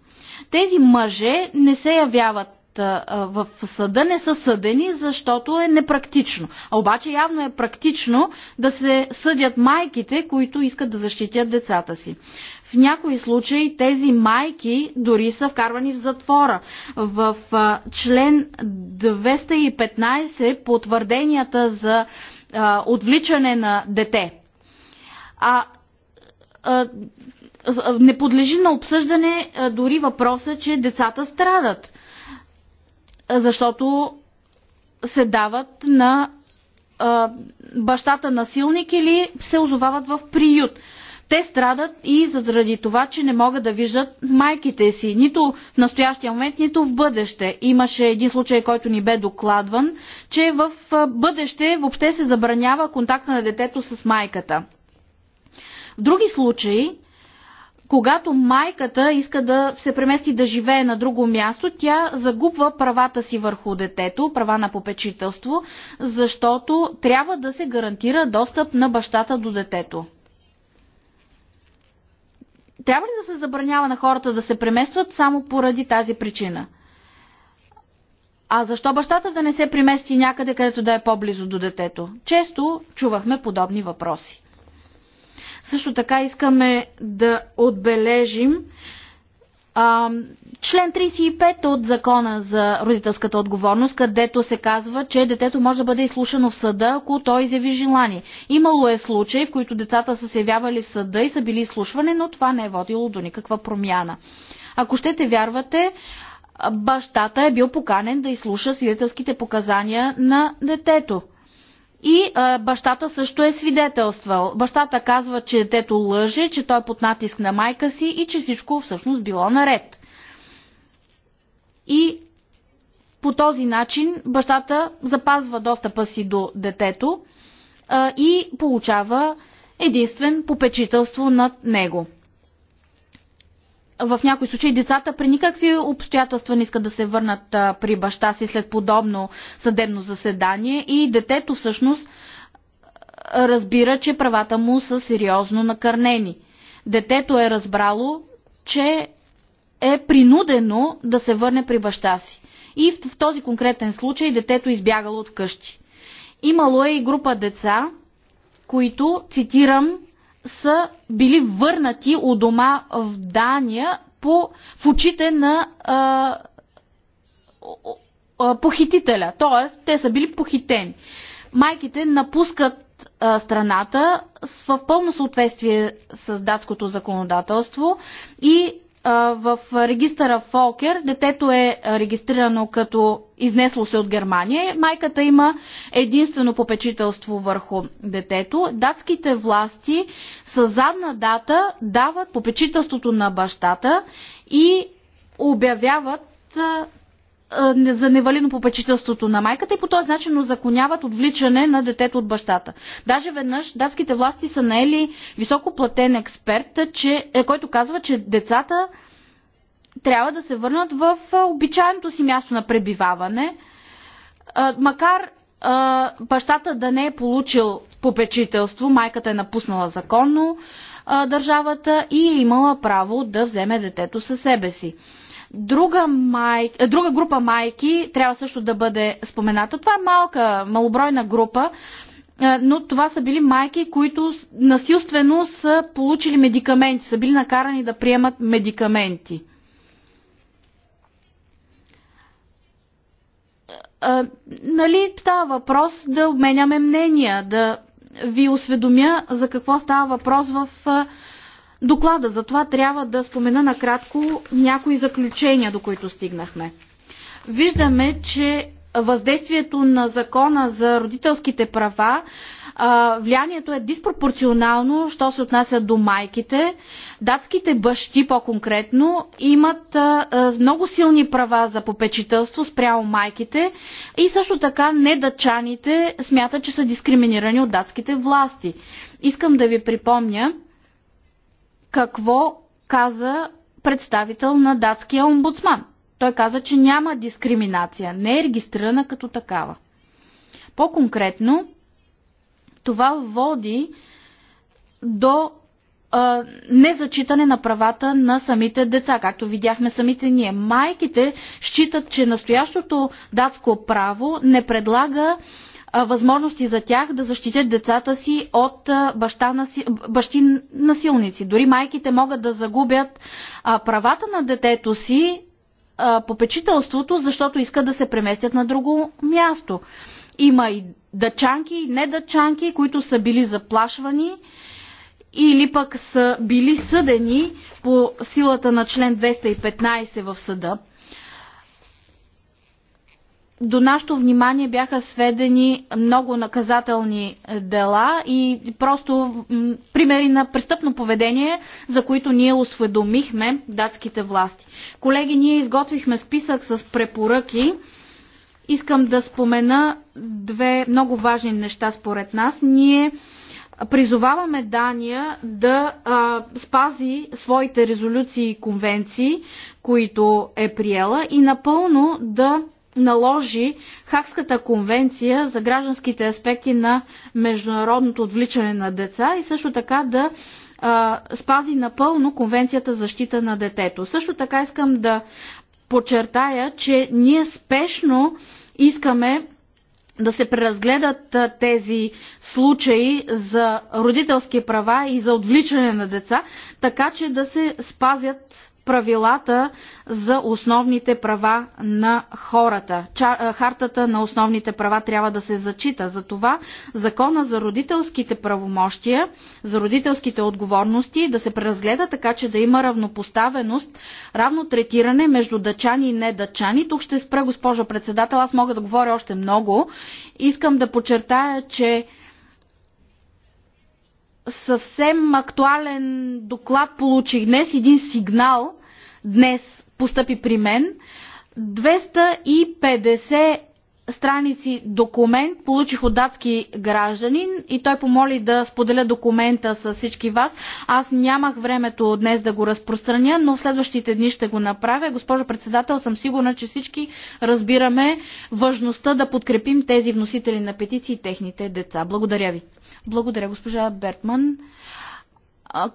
Тези мъже не се явяват е, в съда не са съдени, защото е непрактично. А обаче явно е практично да се съдят майките, които искат да защитят децата си. В някои случаи тези майки дори са вкарвани в затвора. В член 215 потвърденията за отвличане на дете. А не подлежи на обсъждане дори въпроса, че децата страдат защото се дават на а, бащата насилник или се озовават в приют. Те страдат и заради това, че не могат да виждат майките си, нито в настоящия момент, нито в бъдеще. Имаше един случай, който ни бе докладван, че в бъдеще въобще се забранява контакта на детето с майката. В други случаи когато майката иска да се премести да живее на друго място, тя загубва правата си върху детето, права на попечителство, защото трябва да се гарантира достъп на бащата до детето. Трябва ли да се забранява на хората да се преместват само поради тази причина? А защо бащата да не се примести някъде, където да е по-близо до детето? Често чувахме подобни въпроси. Също така искаме да отбележим а, член 35 от закона за родителската отговорност, където се казва, че детето може да бъде изслушано в съда, ако той изяви желание. Имало е случаи, в които децата са се явявали в съда и са били изслушвани, но това не е водило до никаква промяна. Ако щете вярвате, бащата е бил поканен да изслуша свидетелските показания на детето. И а, бащата също е свидетелствал. Бащата казва, че детето лъже, че той е под натиск на майка си и че всичко всъщност било наред. И по този начин бащата запазва достъпа си до детето а, и получава единствен попечителство над него в някои случаи децата при никакви обстоятелства не искат да се върнат при баща си след подобно съдебно заседание и детето всъщност разбира, че правата му са сериозно накърнени. Детето е разбрало, че е принудено да се върне при баща си. И в този конкретен случай детето е избягало от къщи. Имало е и група деца, които, цитирам, са били върнати у дома в Дания по, в очите на а, а, похитителя. Тоест, те са били похитени. Майките напускат а, страната в пълно съответствие с датското законодателство и в регистъра Фолкер детето е регистрирано като изнесло се от Германия. Майката има единствено попечителство върху детето. Датските власти с задна дата дават попечителството на бащата и обявяват за невалидно попечителството на майката и по този начин озаконяват отвличане на детето от бащата. Даже веднъж датските власти са наели високоплатен експерт, че, е, който казва, че децата трябва да се върнат в обичайното си място на пребиваване, макар бащата да не е получил попечителство, майката е напуснала законно държавата и е имала право да вземе детето със себе си. Друга, май... Е, друга група майки трябва също да бъде спомената. Това е малка, малобройна група, е, но това са били майки, които насилствено са получили медикаменти, са били накарани да приемат медикаменти. Е, нали, става въпрос да обменяме мнения, да ви осведомя за какво става въпрос в доклада. Затова трябва да спомена накратко някои заключения, до които стигнахме. Виждаме, че въздействието на закона за родителските права влиянието е диспропорционално, що се отнася до майките. Датските бащи по-конкретно имат много силни права за попечителство спрямо майките и също така недачаните смятат, че са дискриминирани от датските власти. Искам да ви припомня, какво каза представител на датския омбудсман. Той каза, че няма дискриминация, не е регистрирана като такава. По-конкретно, това води до а, незачитане на правата на самите деца, както видяхме самите ние. Майките считат, че настоящото датско право не предлага възможности за тях да защитят децата си от баща наси... бащи насилници. Дори майките могат да загубят правата на детето си попечителството, защото искат да се преместят на друго място. Има и дъчанки, и недъчанки, които са били заплашвани или пък са били съдени по силата на член 215 в съда до нашето внимание бяха сведени много наказателни е, дела и просто примери на престъпно поведение, за които ние осведомихме датските власти. Колеги, ние изготвихме списък с препоръки. Искам да спомена две много важни неща според нас. Ние призоваваме Дания да а, спази своите резолюции и конвенции, които е приела и напълно да наложи Хакската конвенция за гражданските аспекти на международното отвличане на деца и също така да а, спази напълно Конвенцията за защита на детето. Също така искам да подчертая, че ние спешно искаме да се преразгледат тези случаи за родителски права и за отвличане на деца, така че да се спазят правилата за основните права на хората. Хартата на основните права трябва да се зачита. За това закона за родителските правомощия, за родителските отговорности да се преразгледа така, че да има равнопоставеност, равно третиране между дъчани и недъчани. Тук ще спра, госпожо председател, аз мога да говоря още много. Искам да подчертая, че съвсем актуален доклад получих днес, един сигнал днес постъпи при мен. 250 страници документ получих от датски гражданин и той помоли да споделя документа с всички вас. Аз нямах времето днес да го разпространя, но в следващите дни ще го направя. Госпожо председател, съм сигурна, че всички разбираме важността да подкрепим тези вносители на петиции и техните деца. Благодаря ви. Благодаря, госпожа Бертман.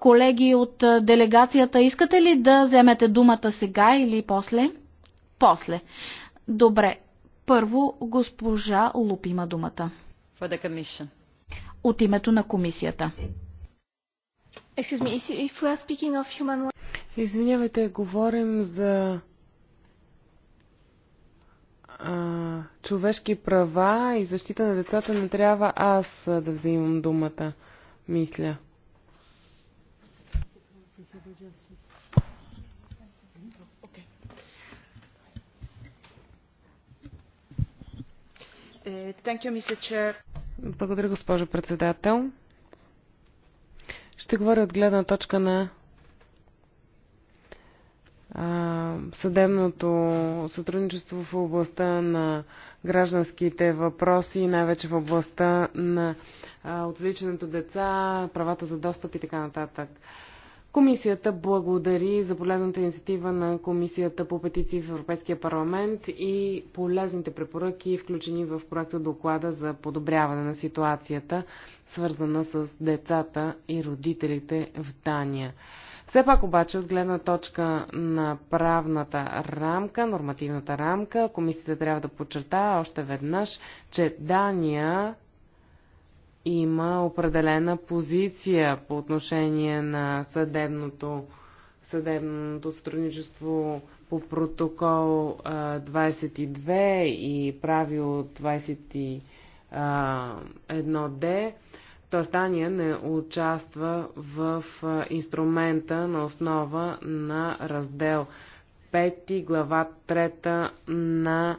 Колеги от делегацията, искате ли да вземете думата сега или после? После. Добре. Първо госпожа Луп има думата. От името на комисията. Excuse me, if we are speaking of human... Извинявайте, говорим за а, човешки права и защита на децата не трябва аз да взимам думата, мисля. Е, Благодаря, госпожо председател. Ще говоря от гледна точка на съдебното сътрудничество в областта на гражданските въпроси, най-вече в областта на отвличането деца, правата за достъп и така нататък. Комисията благодари за полезната инициатива на Комисията по петиции в Европейския парламент и полезните препоръки, включени в проекта доклада за подобряване на ситуацията, свързана с децата и родителите в Дания. Все пак обаче, от гледна точка на правната рамка, нормативната рамка, комисията трябва да подчертая още веднъж, че Дания има определена позиция по отношение на съдебното, съдебното сътрудничество по протокол 22 и правило 21D. Т.е. Дания не участва в инструмента на основа на раздел 5, глава 3 на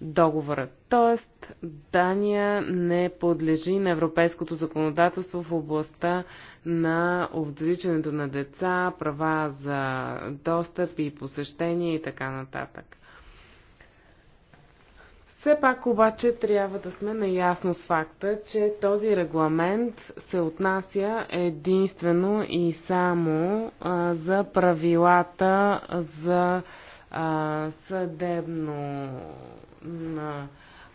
договора. Т.е. Дания не подлежи на европейското законодателство в областта на увдовичането на деца, права за достъп и посещение и така нататък. Все пак обаче трябва да сме наясно с факта, че този регламент се отнася единствено и само а, за правилата за а, съдебно на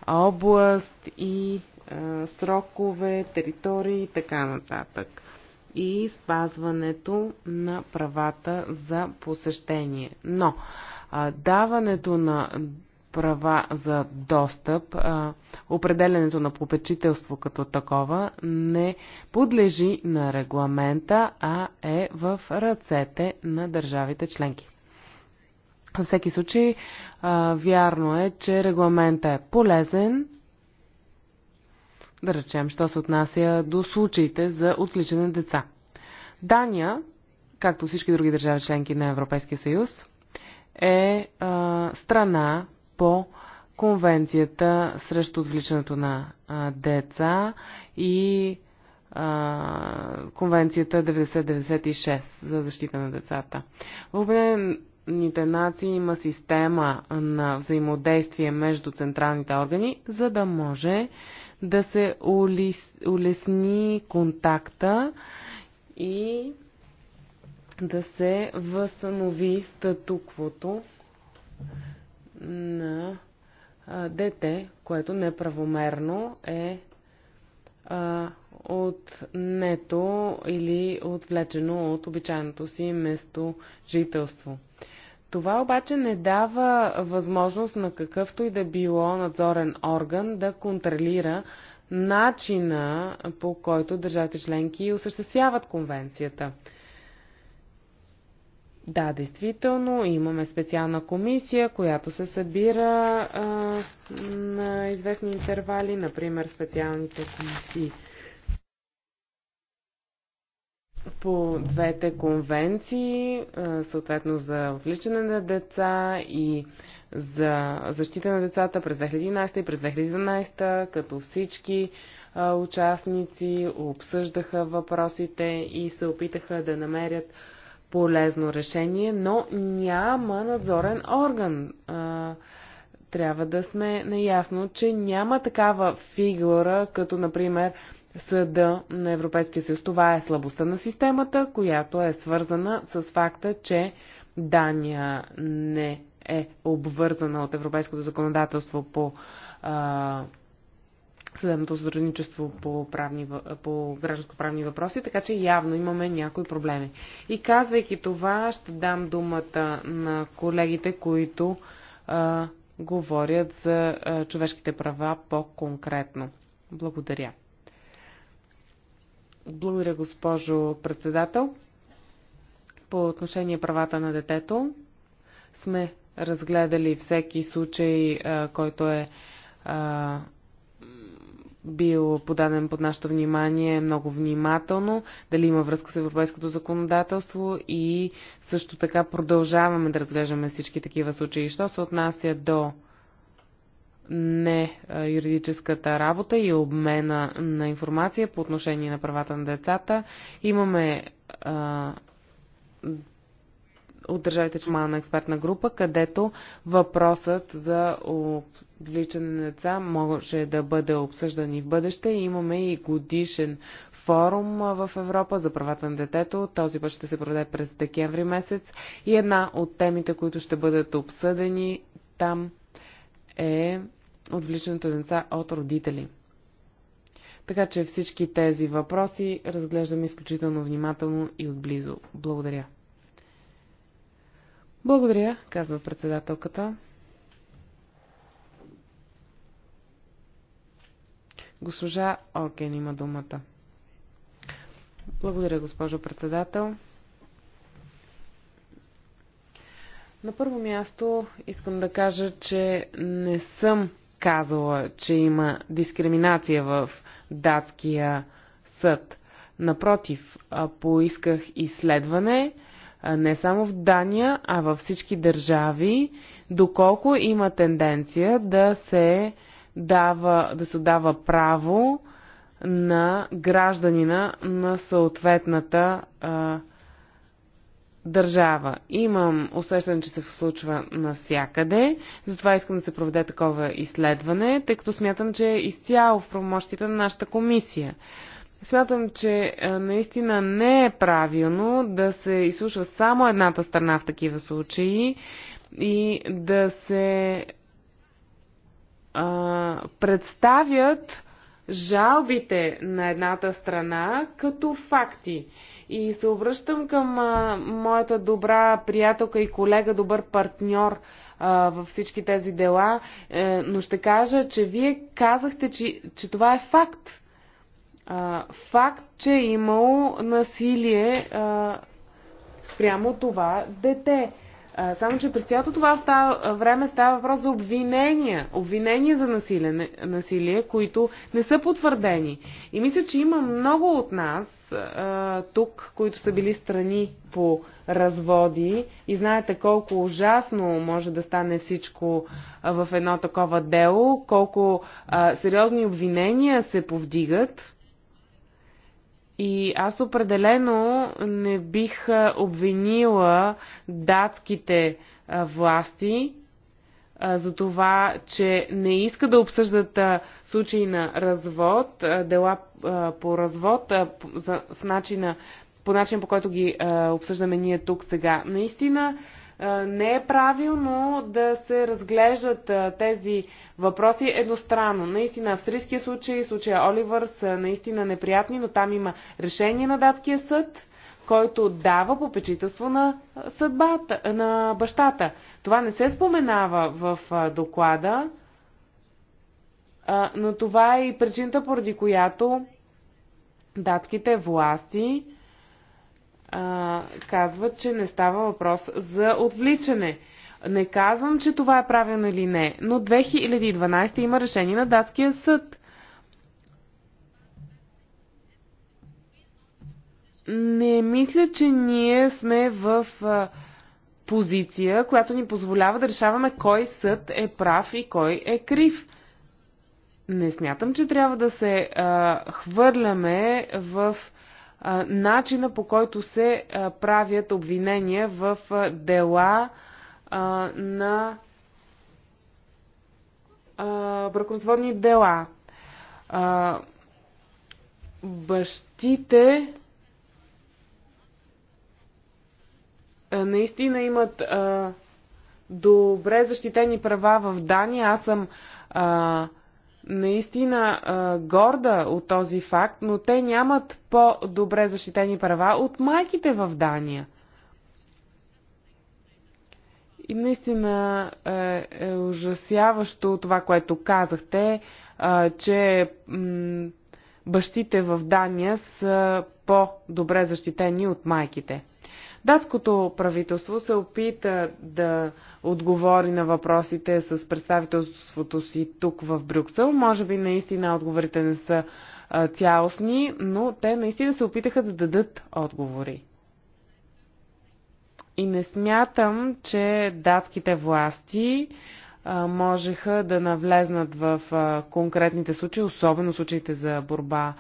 област и а, срокове, територии и така нататък. И спазването на правата за посещение. Но а, даването на права за достъп, а, определенето на попечителство като такова не подлежи на регламента, а е в ръцете на държавите членки. Във всеки случай, а, вярно е, че регламента е полезен, да речем, що се отнася до случаите за отличане деца. Дания, както всички други държави членки на Европейския съюз, е а, страна по Конвенцията срещу отвличането на а, деца и а, Конвенцията 9096 за защита на децата. В Обединените нации има система на взаимодействие между централните органи, за да може да се улес, улесни контакта и да се възстанови статуквото на а, дете, което неправомерно е а, отнето или отвлечено от обичайното си место жителство. Това обаче не дава възможност на какъвто и да било надзорен орган да контролира начина по който държавите членки осъществяват конвенцията. Да, действително, имаме специална комисия, която се събира а, на известни интервали, например специалните комисии по двете конвенции, съответно за отвличане на деца и за защита на децата през 2011 и през 2012, като всички участници обсъждаха въпросите и се опитаха да намерят полезно решение, но няма надзорен орган. А, трябва да сме наясно, че няма такава фигура, като, например, съда на Европейския съюз. Това е слабостта на системата, която е свързана с факта, че Дания не е обвързана от европейското законодателство по а, съдебното сътрудничество по, правни, по гражданско-правни въпроси, така че явно имаме някои проблеми. И казвайки това, ще дам думата на колегите, които а, говорят за а, човешките права по-конкретно. Благодаря. Благодаря, госпожо председател. По отношение правата на детето сме разгледали всеки случай, а, който е а, бил подаден под нашето внимание много внимателно, дали има връзка с европейското законодателство и също така продължаваме да разглеждаме всички такива случаи. Що се отнася до не юридическата работа и обмена на информация по отношение на правата на децата, имаме а, от държавите члена на експертна група, където въпросът за отвличане на деца може да бъде обсъждан и в бъдеще. Имаме и годишен форум в Европа за правата на детето. Този път ще се проведе през декември месец. И една от темите, които ще бъдат обсъдени там е отвличането на деца от родители. Така че всички тези въпроси разглеждаме изключително внимателно и отблизо. Благодаря. Благодаря, казва председателката. Госпожа Окен, има думата. Благодаря, госпожо председател. На първо място искам да кажа, че не съм казала, че има дискриминация в датския съд. Напротив, поисках изследване не само в Дания, а във всички държави, доколко има тенденция да се дава, да се дава право на гражданина на съответната а, държава. Имам усещане, че се случва навсякъде, затова искам да се проведе такова изследване, тъй като смятам, че е изцяло в промощите на нашата комисия. Смятам, че е, наистина не е правилно да се изслушва само едната страна в такива случаи и да се а, представят жалбите на едната страна като факти. И се обръщам към а, моята добра приятелка и колега, добър партньор а, във всички тези дела, е, но ще кажа, че вие казахте, че, че това е факт факт, че е имало насилие а, спрямо това дете. А, само, че през цялото това става, време става въпрос за обвинения. Обвинения за насилие, насилие, които не са потвърдени. И мисля, че има много от нас а, тук, които са били страни по разводи и знаете колко ужасно може да стане всичко в едно такова дело, колко а, сериозни обвинения се повдигат и аз определено не бих обвинила датските власти за това, че не иска да обсъждат случаи на развод, дела по развод в начина, по начин по който ги обсъждаме ние тук сега. Наистина е, не е правилно да се разглеждат е, тези въпроси едностранно. Наистина, австрийския случай, случая Оливър са е, наистина неприятни, но там има решение на датския съд, който дава попечителство на, съдбата, на бащата. Това не се споменава в доклада, но това е и причината, поради която датските власти а, казват, че не става въпрос за отвличане. Не казвам, че това е правилно или не, но 2012 има решение на датския съд. Не мисля, че ние сме в а, позиция, която ни позволява да решаваме кой съд е прав и кой е крив. Не смятам, че трябва да се а, хвърляме в начина по който се правят обвинения в дела на бракоразводни дела. Бащите наистина имат добре защитени права в Дания. Аз съм наистина а, горда от този факт, но те нямат по-добре защитени права от майките в Дания. И наистина е, е ужасяващо това, което казахте, а, е, че бащите в Дания са по-добре защитени от майките. Датското правителство се опита да отговори на въпросите с представителството си тук в Брюксел. Може би наистина отговорите не са цялостни, но те наистина се опитаха да дадат отговори. И не смятам, че датските власти можеха да навлезнат в конкретните случаи, особено случаите за борба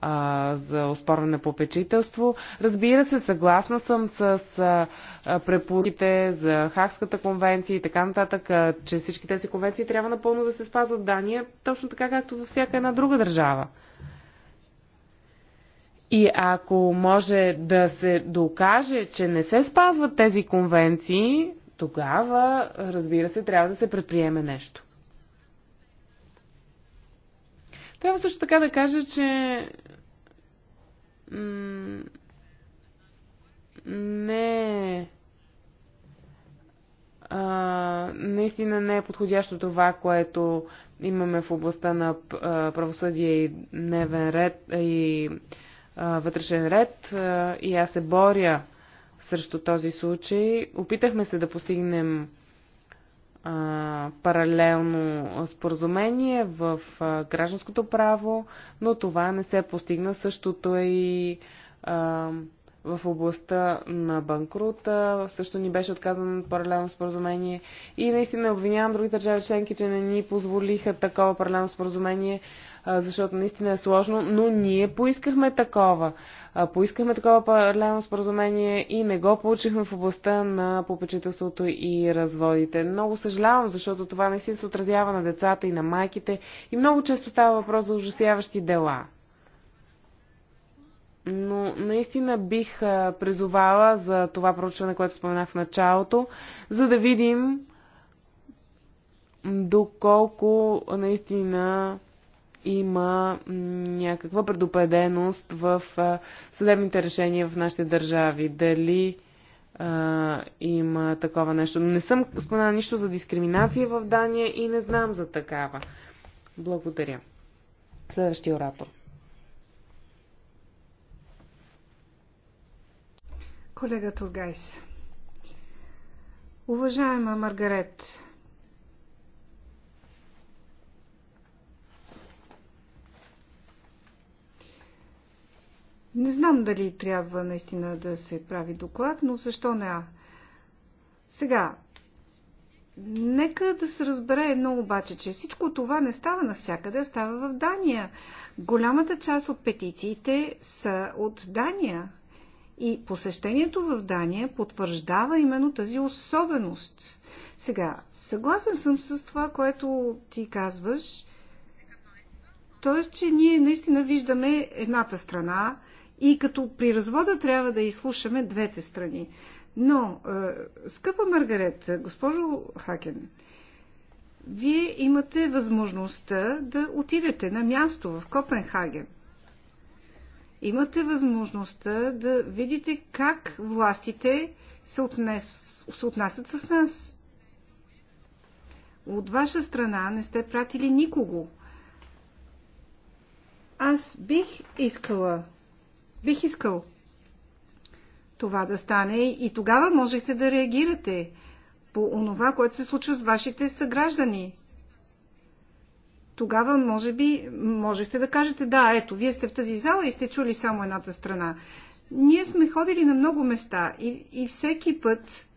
а, за оспорване попечителство. Разбира се, съгласна съм с а, препоръките за Хакската конвенция и така нататък, а, че всички тези конвенции трябва напълно да се спазват Дания, точно така както във всяка една друга държава. И ако може да се докаже, че не се спазват тези конвенции, тогава, разбира се, трябва да се предприеме нещо. Трябва също така да кажа, че не е наистина не е подходящо това, което имаме в областта на правосъдие и дневен ред и а, вътрешен ред. А, и аз се боря срещу този случай. Опитахме се да постигнем паралелно споразумение в а, гражданското право, но това не се постигна. Същото е и а, в областта на банкрута. Също ни беше отказано паралелно споразумение. И наистина обвинявам други държави членки, че не ни позволиха такова паралелно споразумение, защото наистина е сложно, но ние поискахме такова. Поискахме такова паралелно споразумение и не го получихме в областта на попечителството и разводите. Много съжалявам, защото това наистина се отразява на децата и на майките и много често става въпрос за ужасяващи дела но наистина бих призовала за това проучване, което споменах в началото, за да видим доколко наистина има някаква предупреденост в съдебните решения в нашите държави. Дали а, има такова нещо. Не съм споменала нищо за дискриминация в Дания и не знам за такава. Благодаря. Следващия оратор. Колега Тургайс. Уважаема Маргарет, не знам дали трябва наистина да се прави доклад, но защо не а? Сега, нека да се разбере едно обаче, че всичко това не става навсякъде, става в Дания. Голямата част от петициите са от Дания – и посещението в Дания потвърждава именно тази особеност. Сега, съгласен съм с това, което ти казваш. Т.е. че ние наистина виждаме едната страна и като при развода трябва да изслушаме двете страни. Но, е, скъпа Маргарет, госпожо Хакен, вие имате възможността да отидете на място в Копенхаген имате възможността да видите как властите се, отнес, се отнасят с нас. От ваша страна не сте пратили никого. Аз бих искала, бих искал това да стане и тогава можехте да реагирате по онова, което се случва с вашите съграждани тогава може би можехте да кажете, да, ето, вие сте в тази зала и сте чули само едната страна. Ние сме ходили на много места и, и всеки път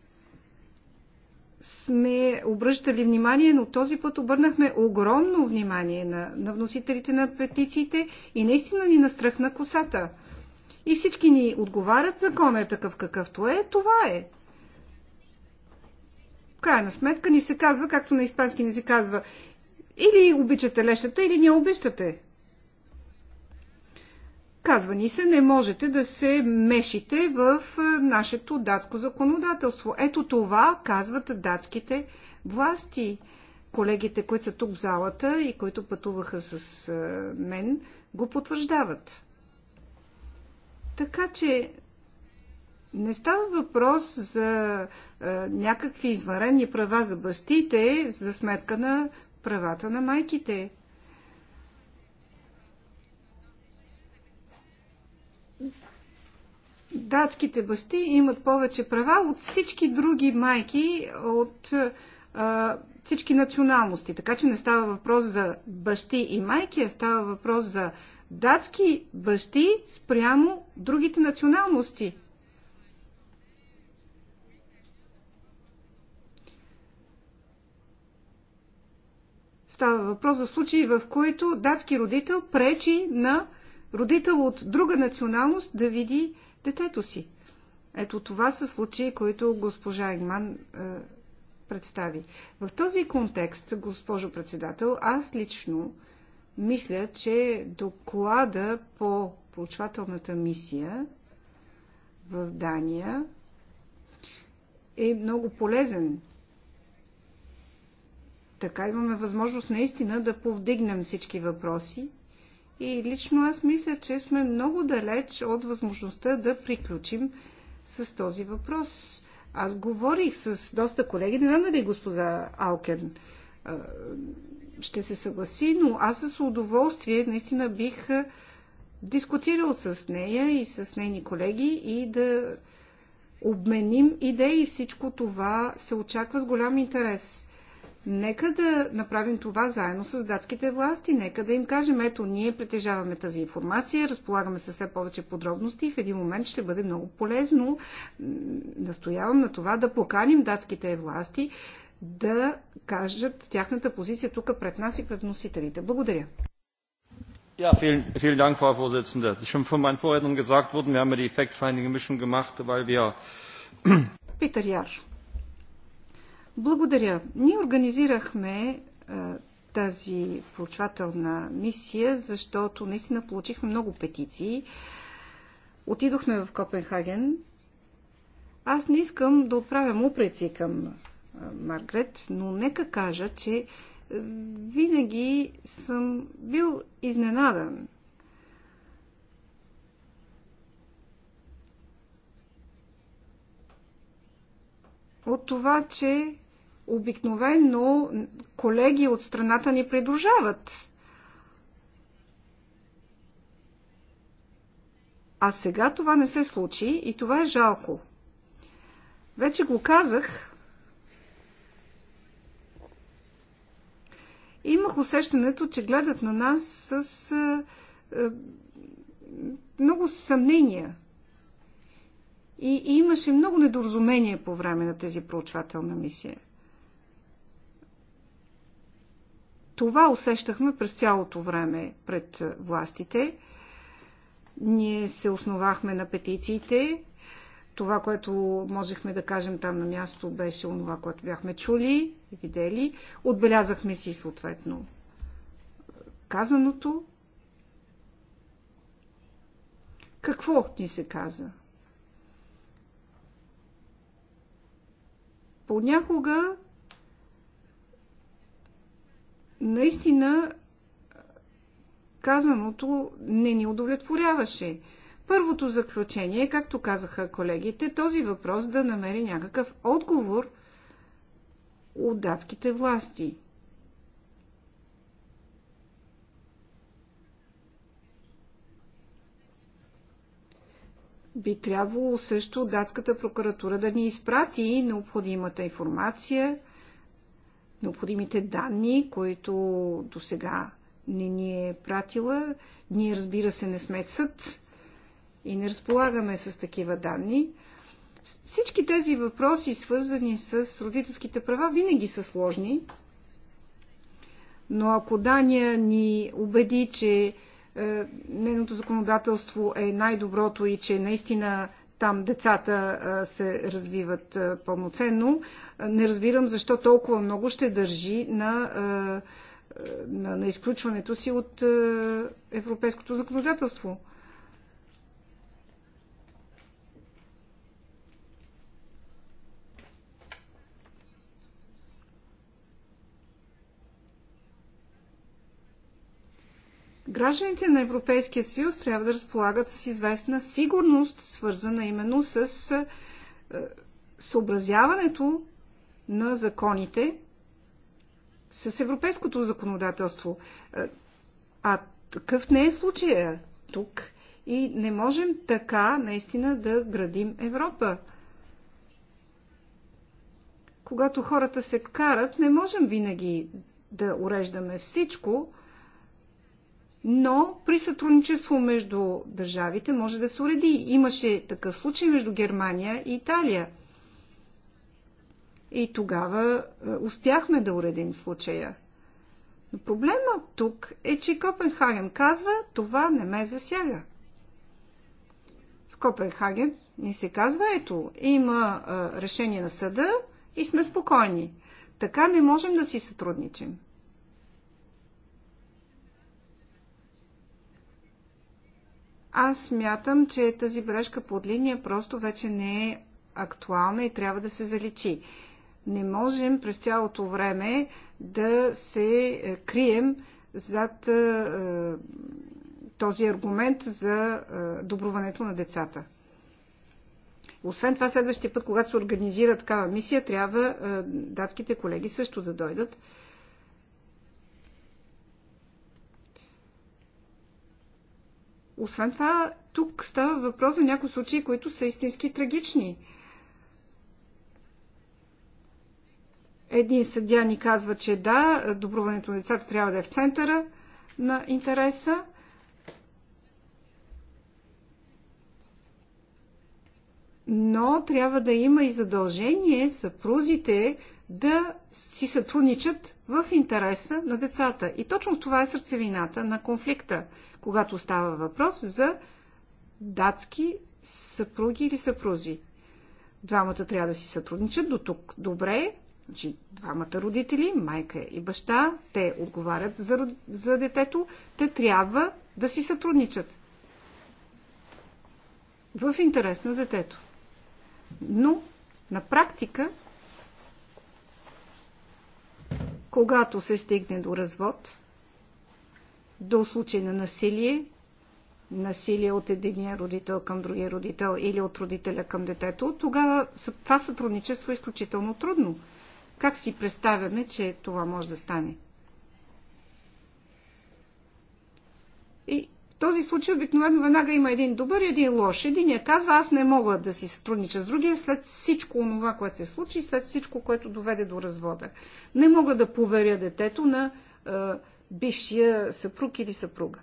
сме обръщали внимание, но този път обърнахме огромно внимание на, на вносителите на петициите и наистина ни настръхна косата. И всички ни отговарят, закона е такъв какъвто е, това е. В крайна сметка ни се казва, както на испански ни се казва, или обичате лещата, или не обичате. Казва ни се, не можете да се мешите в нашето датско законодателство. Ето това казват датските власти. Колегите, които са тук в залата и които пътуваха с мен, го потвърждават. Така че не става въпрос за е, някакви извънредни права за бащите за сметка на правата на майките. Датските бащи имат повече права от всички други майки от а, всички националности. Така че не става въпрос за бащи и майки, а става въпрос за датски бащи спрямо другите националности. Става въпрос за случаи, в които датски родител пречи на родител от друга националност да види детето си. Ето това са случаи, които госпожа Игман е, представи. В този контекст, госпожо председател, аз лично мисля, че доклада по проучвателната мисия в Дания е много полезен така имаме възможност наистина да повдигнем всички въпроси. И лично аз мисля, че сме много далеч от възможността да приключим с този въпрос. Аз говорих с доста колеги, не знам дали госпожа Алкен ще се съгласи, но аз с удоволствие наистина бих дискутирал с нея и с нейни колеги и да обменим идеи. Всичко това се очаква с голям интерес. Нека да направим това заедно с датските власти. Нека да им кажем, ето, ние притежаваме тази информация, разполагаме се все повече подробности и в един момент ще бъде много полезно. Настоявам на това да поканим датските власти да кажат тяхната позиция тук пред нас и пред носителите. Благодаря. Ja, vielen, vielen Dank, Frau Vorsitzende. Es ist schon von meinen Vorrednern gesagt worden, wir haben ja die Fact-Finding-Mission gemacht, weil wir... Peter Jarsch. Благодаря. Ние организирахме е, тази проучвателна мисия, защото наистина получихме много петиции. Отидохме в Копенхаген. Аз не искам да отправям упреци към е, Маргрет, но нека кажа, че е, винаги съм бил изненадан. От това, че обикновено колеги от страната ни придружават. А сега това не се случи и това е жалко. Вече го казах. Имах усещането, че гледат на нас с е, е, много съмнения. И, и имаше много недоразумение по време на тези проучвателна мисия. Това усещахме през цялото време пред властите. Ние се основахме на петициите. Това, което можехме да кажем там на място, беше онова, което бяхме чули и видели. Отбелязахме си съответно казаното. Какво ни се каза? Понякога наистина казаното не ни удовлетворяваше. Първото заключение, както казаха колегите, този въпрос да намери някакъв отговор от датските власти. Би трябвало също датската прокуратура да ни изпрати необходимата информация необходимите данни, които до сега не ни е пратила. Ние, разбира се, не сме съд и не разполагаме с такива данни. Всички тези въпроси, свързани с родителските права, винаги са сложни. Но ако Дания ни убеди, че е, нейното законодателство е най-доброто и че наистина там децата се развиват пълноценно. Не разбирам защо толкова много ще държи на, на, на изключването си от европейското законодателство. Гражданите на Европейския съюз трябва да разполагат с известна сигурност, свързана именно с е, съобразяването на законите с европейското законодателство. Е, а такъв не е случая тук. И не можем така наистина да градим Европа. Когато хората се карат, не можем винаги да уреждаме всичко, но при сътрудничество между държавите може да се уреди. Имаше такъв случай между Германия и Италия. И тогава е, успяхме да уредим случая. Но проблема тук е, че Копенхаген казва, това не ме засяга. В Копенхаген ни се казва, ето, има е, решение на съда и сме спокойни. Така не можем да си сътрудничим. Аз смятам, че тази бележка под линия просто вече не е актуална и трябва да се заличи. Не можем през цялото време да се е, крием зад е, е, този аргумент за добруването на децата. Освен това, следващия път, когато се организира такава мисия, трябва датските колеги също да дойдат Освен това, тук става въпрос за някои случаи, които са истински трагични. Един съдя ни казва, че да, доброването на децата трябва да е в центъра на интереса. Но трябва да има и задължение съпрузите да си сътрудничат в интереса на децата. И точно това е сърцевината на конфликта – когато става въпрос за датски съпруги или съпрузи. Двамата трябва да си сътрудничат до тук. Добре, значи двамата родители, майка и баща, те отговарят за, за детето, те трябва да си сътрудничат. В интерес на детето. Но на практика, когато се стигне до развод, до случай на насилие, насилие от единия родител към другия родител или от родителя към детето, тогава това сътрудничество е изключително трудно. Как си представяме, че това може да стане? И в този случай обикновено веднага има един добър и един лош. Единият казва, аз не мога да си сътруднича с другия след всичко това, което се случи, след всичко, което доведе до развода. Не мога да поверя детето на бившия съпруг или съпруга.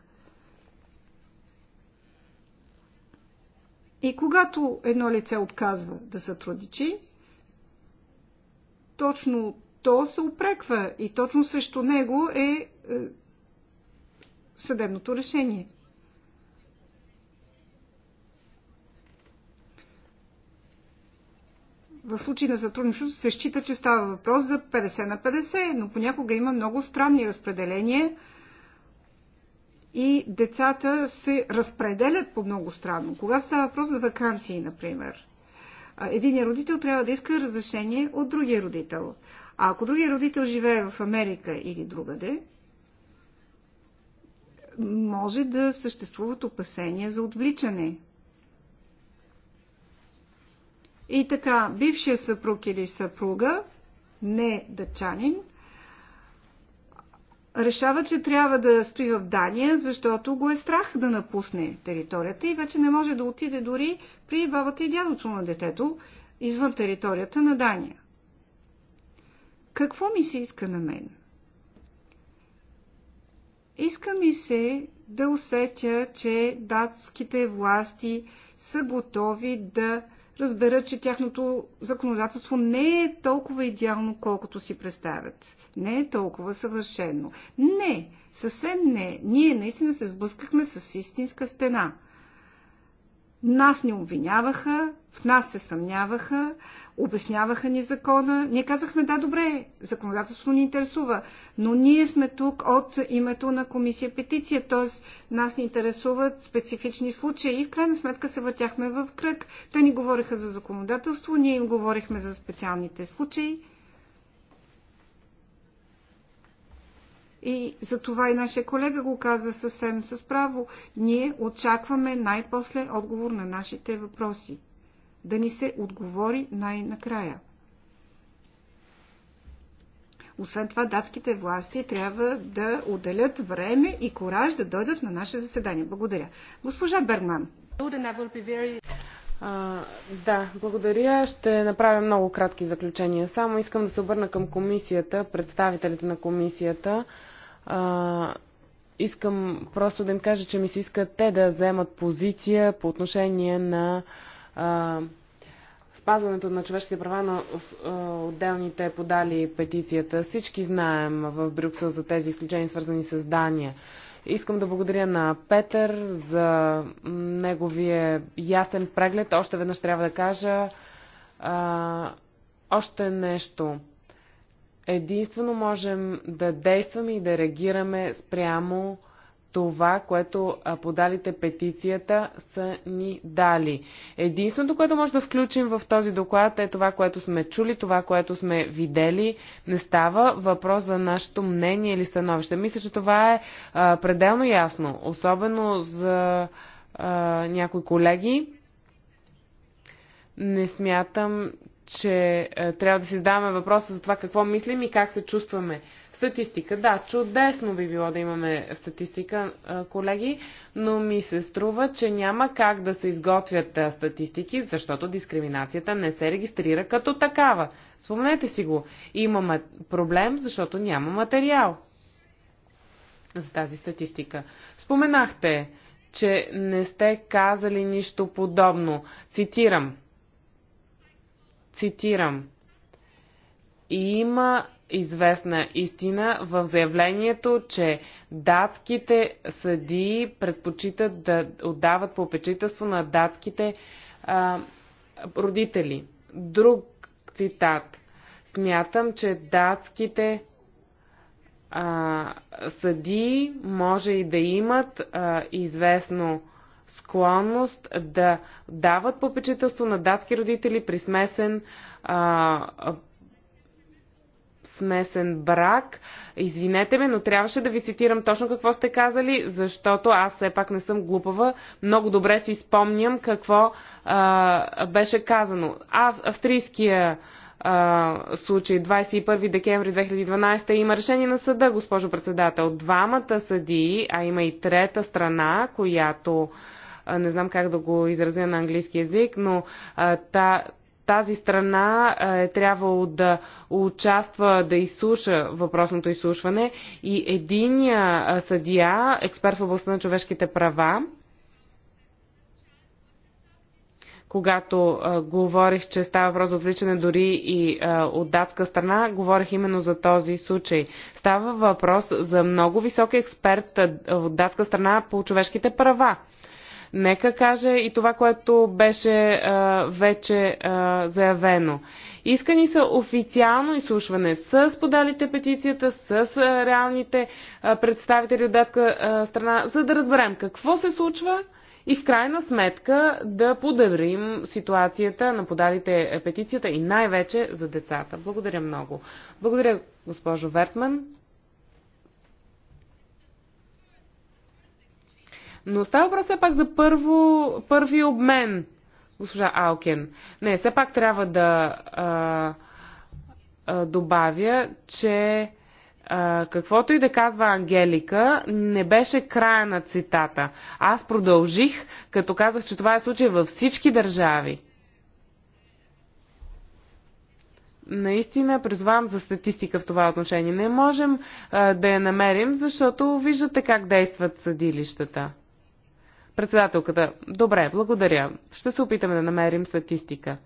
И когато едно лице отказва да сътрудничи, точно то се опреква и точно срещу него е, е съдебното решение. в случай на сътрудничество се счита, че става въпрос за 50 на 50, но понякога има много странни разпределения и децата се разпределят по много странно. Кога става въпрос за вакансии, например, единият родител трябва да иска разрешение от другия родител. А ако другия родител живее в Америка или другаде, може да съществуват опасения за отвличане и така, бившия съпруг или съпруга, не дъчанин, решава, че трябва да стои в Дания, защото го е страх да напусне територията и вече не може да отиде дори при бабата и дядото на детето извън територията на Дания. Какво ми се иска на мен? Иска ми се да усетя, че датските власти са готови да разберат, че тяхното законодателство не е толкова идеално, колкото си представят. Не е толкова съвършено. Не, съвсем не. Ние наистина се сблъскахме с истинска стена. Нас ни обвиняваха, в нас се съмняваха, обясняваха ни закона. Ние казахме, да, добре, законодателство ни интересува, но ние сме тук от името на комисия петиция, т.е. нас ни интересуват специфични случаи и в крайна сметка се въртяхме в кръг. Те ни говориха за законодателство, ние им говорихме за специалните случаи. И за това и нашия колега го каза съвсем с право. Ние очакваме най-после отговор на нашите въпроси да ни се отговори най-накрая. Освен това, датските власти трябва да отделят време и кораж да дойдат на наше заседание. Благодаря. Госпожа Берман. да, благодаря. Ще направя много кратки заключения. Само искам да се обърна към комисията, представителите на комисията. А, искам просто да им кажа, че ми се искат те да вземат позиция по отношение на а, а, спазването на човешките права на отделните подали петицията. Всички знаем в Брюксел за тези изключения, свързани с Дания. Искам да благодаря на Петър за неговия ясен преглед. Още веднъж трябва да кажа а, още нещо. Единствено можем да действаме и да реагираме спрямо а, това, което подалите петицията са ни дали. Единственото, което може да включим в този доклад е това, което сме чули, това, което сме видели. Не става въпрос за нашето мнение или становище. Мисля, че това е а, пределно ясно, особено за а, някои колеги. Не смятам, че а, трябва да си задаваме въпроса за това какво мислим и как се чувстваме Статистика. Да, чудесно би било да имаме статистика, колеги, но ми се струва, че няма как да се изготвят статистики, защото дискриминацията не се регистрира като такава. Спомнете си го. Имаме проблем, защото няма материал за тази статистика. Споменахте, че не сте казали нищо подобно. Цитирам. Цитирам. И има известна истина в заявлението, че датските съдии предпочитат да отдават попечителство на датските а, родители. Друг цитат. Смятам, че датските а, съдии може и да имат а, известно склонност да дават попечителство на датски родители при смесен а, смесен брак. Извинете ме, но трябваше да ви цитирам точно какво сте казали, защото аз все пак не съм глупава. Много добре си спомням какво а, беше казано. А, австрийския а, случай 21 декември 2012 има решение на съда, госпожо председател. Двамата съдии, а има и трета страна, която не знам как да го изразя на английски язик, но а, та, тази страна е трябвало да участва, да изслуша въпросното изслушване и единия е, съдия, експерт в областта на човешките права, когато а, е, говорих, че става въпрос за отвличане дори и а, е, от датска страна, говорих именно за този случай. Става въпрос за много висок експерт а, от датска страна по човешките права. Нека каже и това, което беше а, вече а, заявено. Искани са официално изслушване с подалите петицията, с а, реалните а, представители от датска а, страна, за да разберем какво се случва и в крайна сметка да подобрим ситуацията на подалите петицията и най-вече за децата. Благодаря много. Благодаря, госпожо Вертман. Но става въпрос все пак за първо, първи обмен, госпожа Алкен. Не, все пак трябва да а, а, добавя, че а, каквото и да казва Ангелика, не беше края на цитата. Аз продължих, като казах, че това е случай във всички държави. наистина призвавам за статистика в това отношение. Не можем а, да я намерим, защото виждате как действат съдилищата. Председателката. Добре, благодаря. Ще се опитаме да намерим статистика.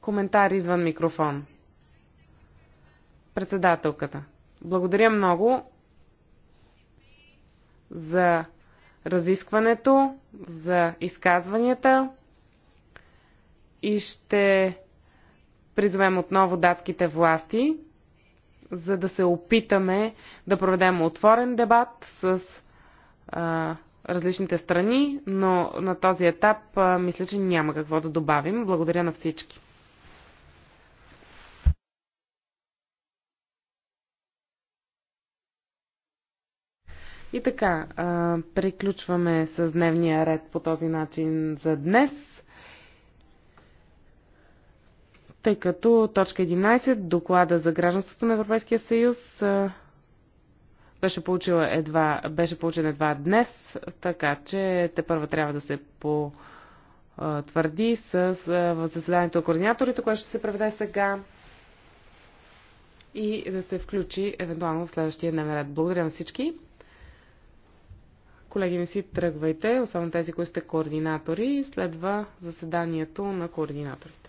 Коментар извън микрофон. Председателката. Благодаря много за разискването, за изказванията и ще призовем отново датските власти за да се опитаме да проведем отворен дебат с а, различните страни, но на този етап а, мисля, че няма какво да добавим. Благодаря на всички. И така, а, приключваме с дневния ред по този начин за днес. тъй като точка 11, доклада за гражданството на Европейския съюз, беше, получила едва, беше получен едва днес, така че те първа трябва да се потвърди с, в заседанието на координаторите, което ще се преведе сега и да се включи евентуално в следващия дневен ред. Благодаря на всички. Колеги, не си тръгвайте, особено тези, които сте координатори. Следва заседанието на координаторите.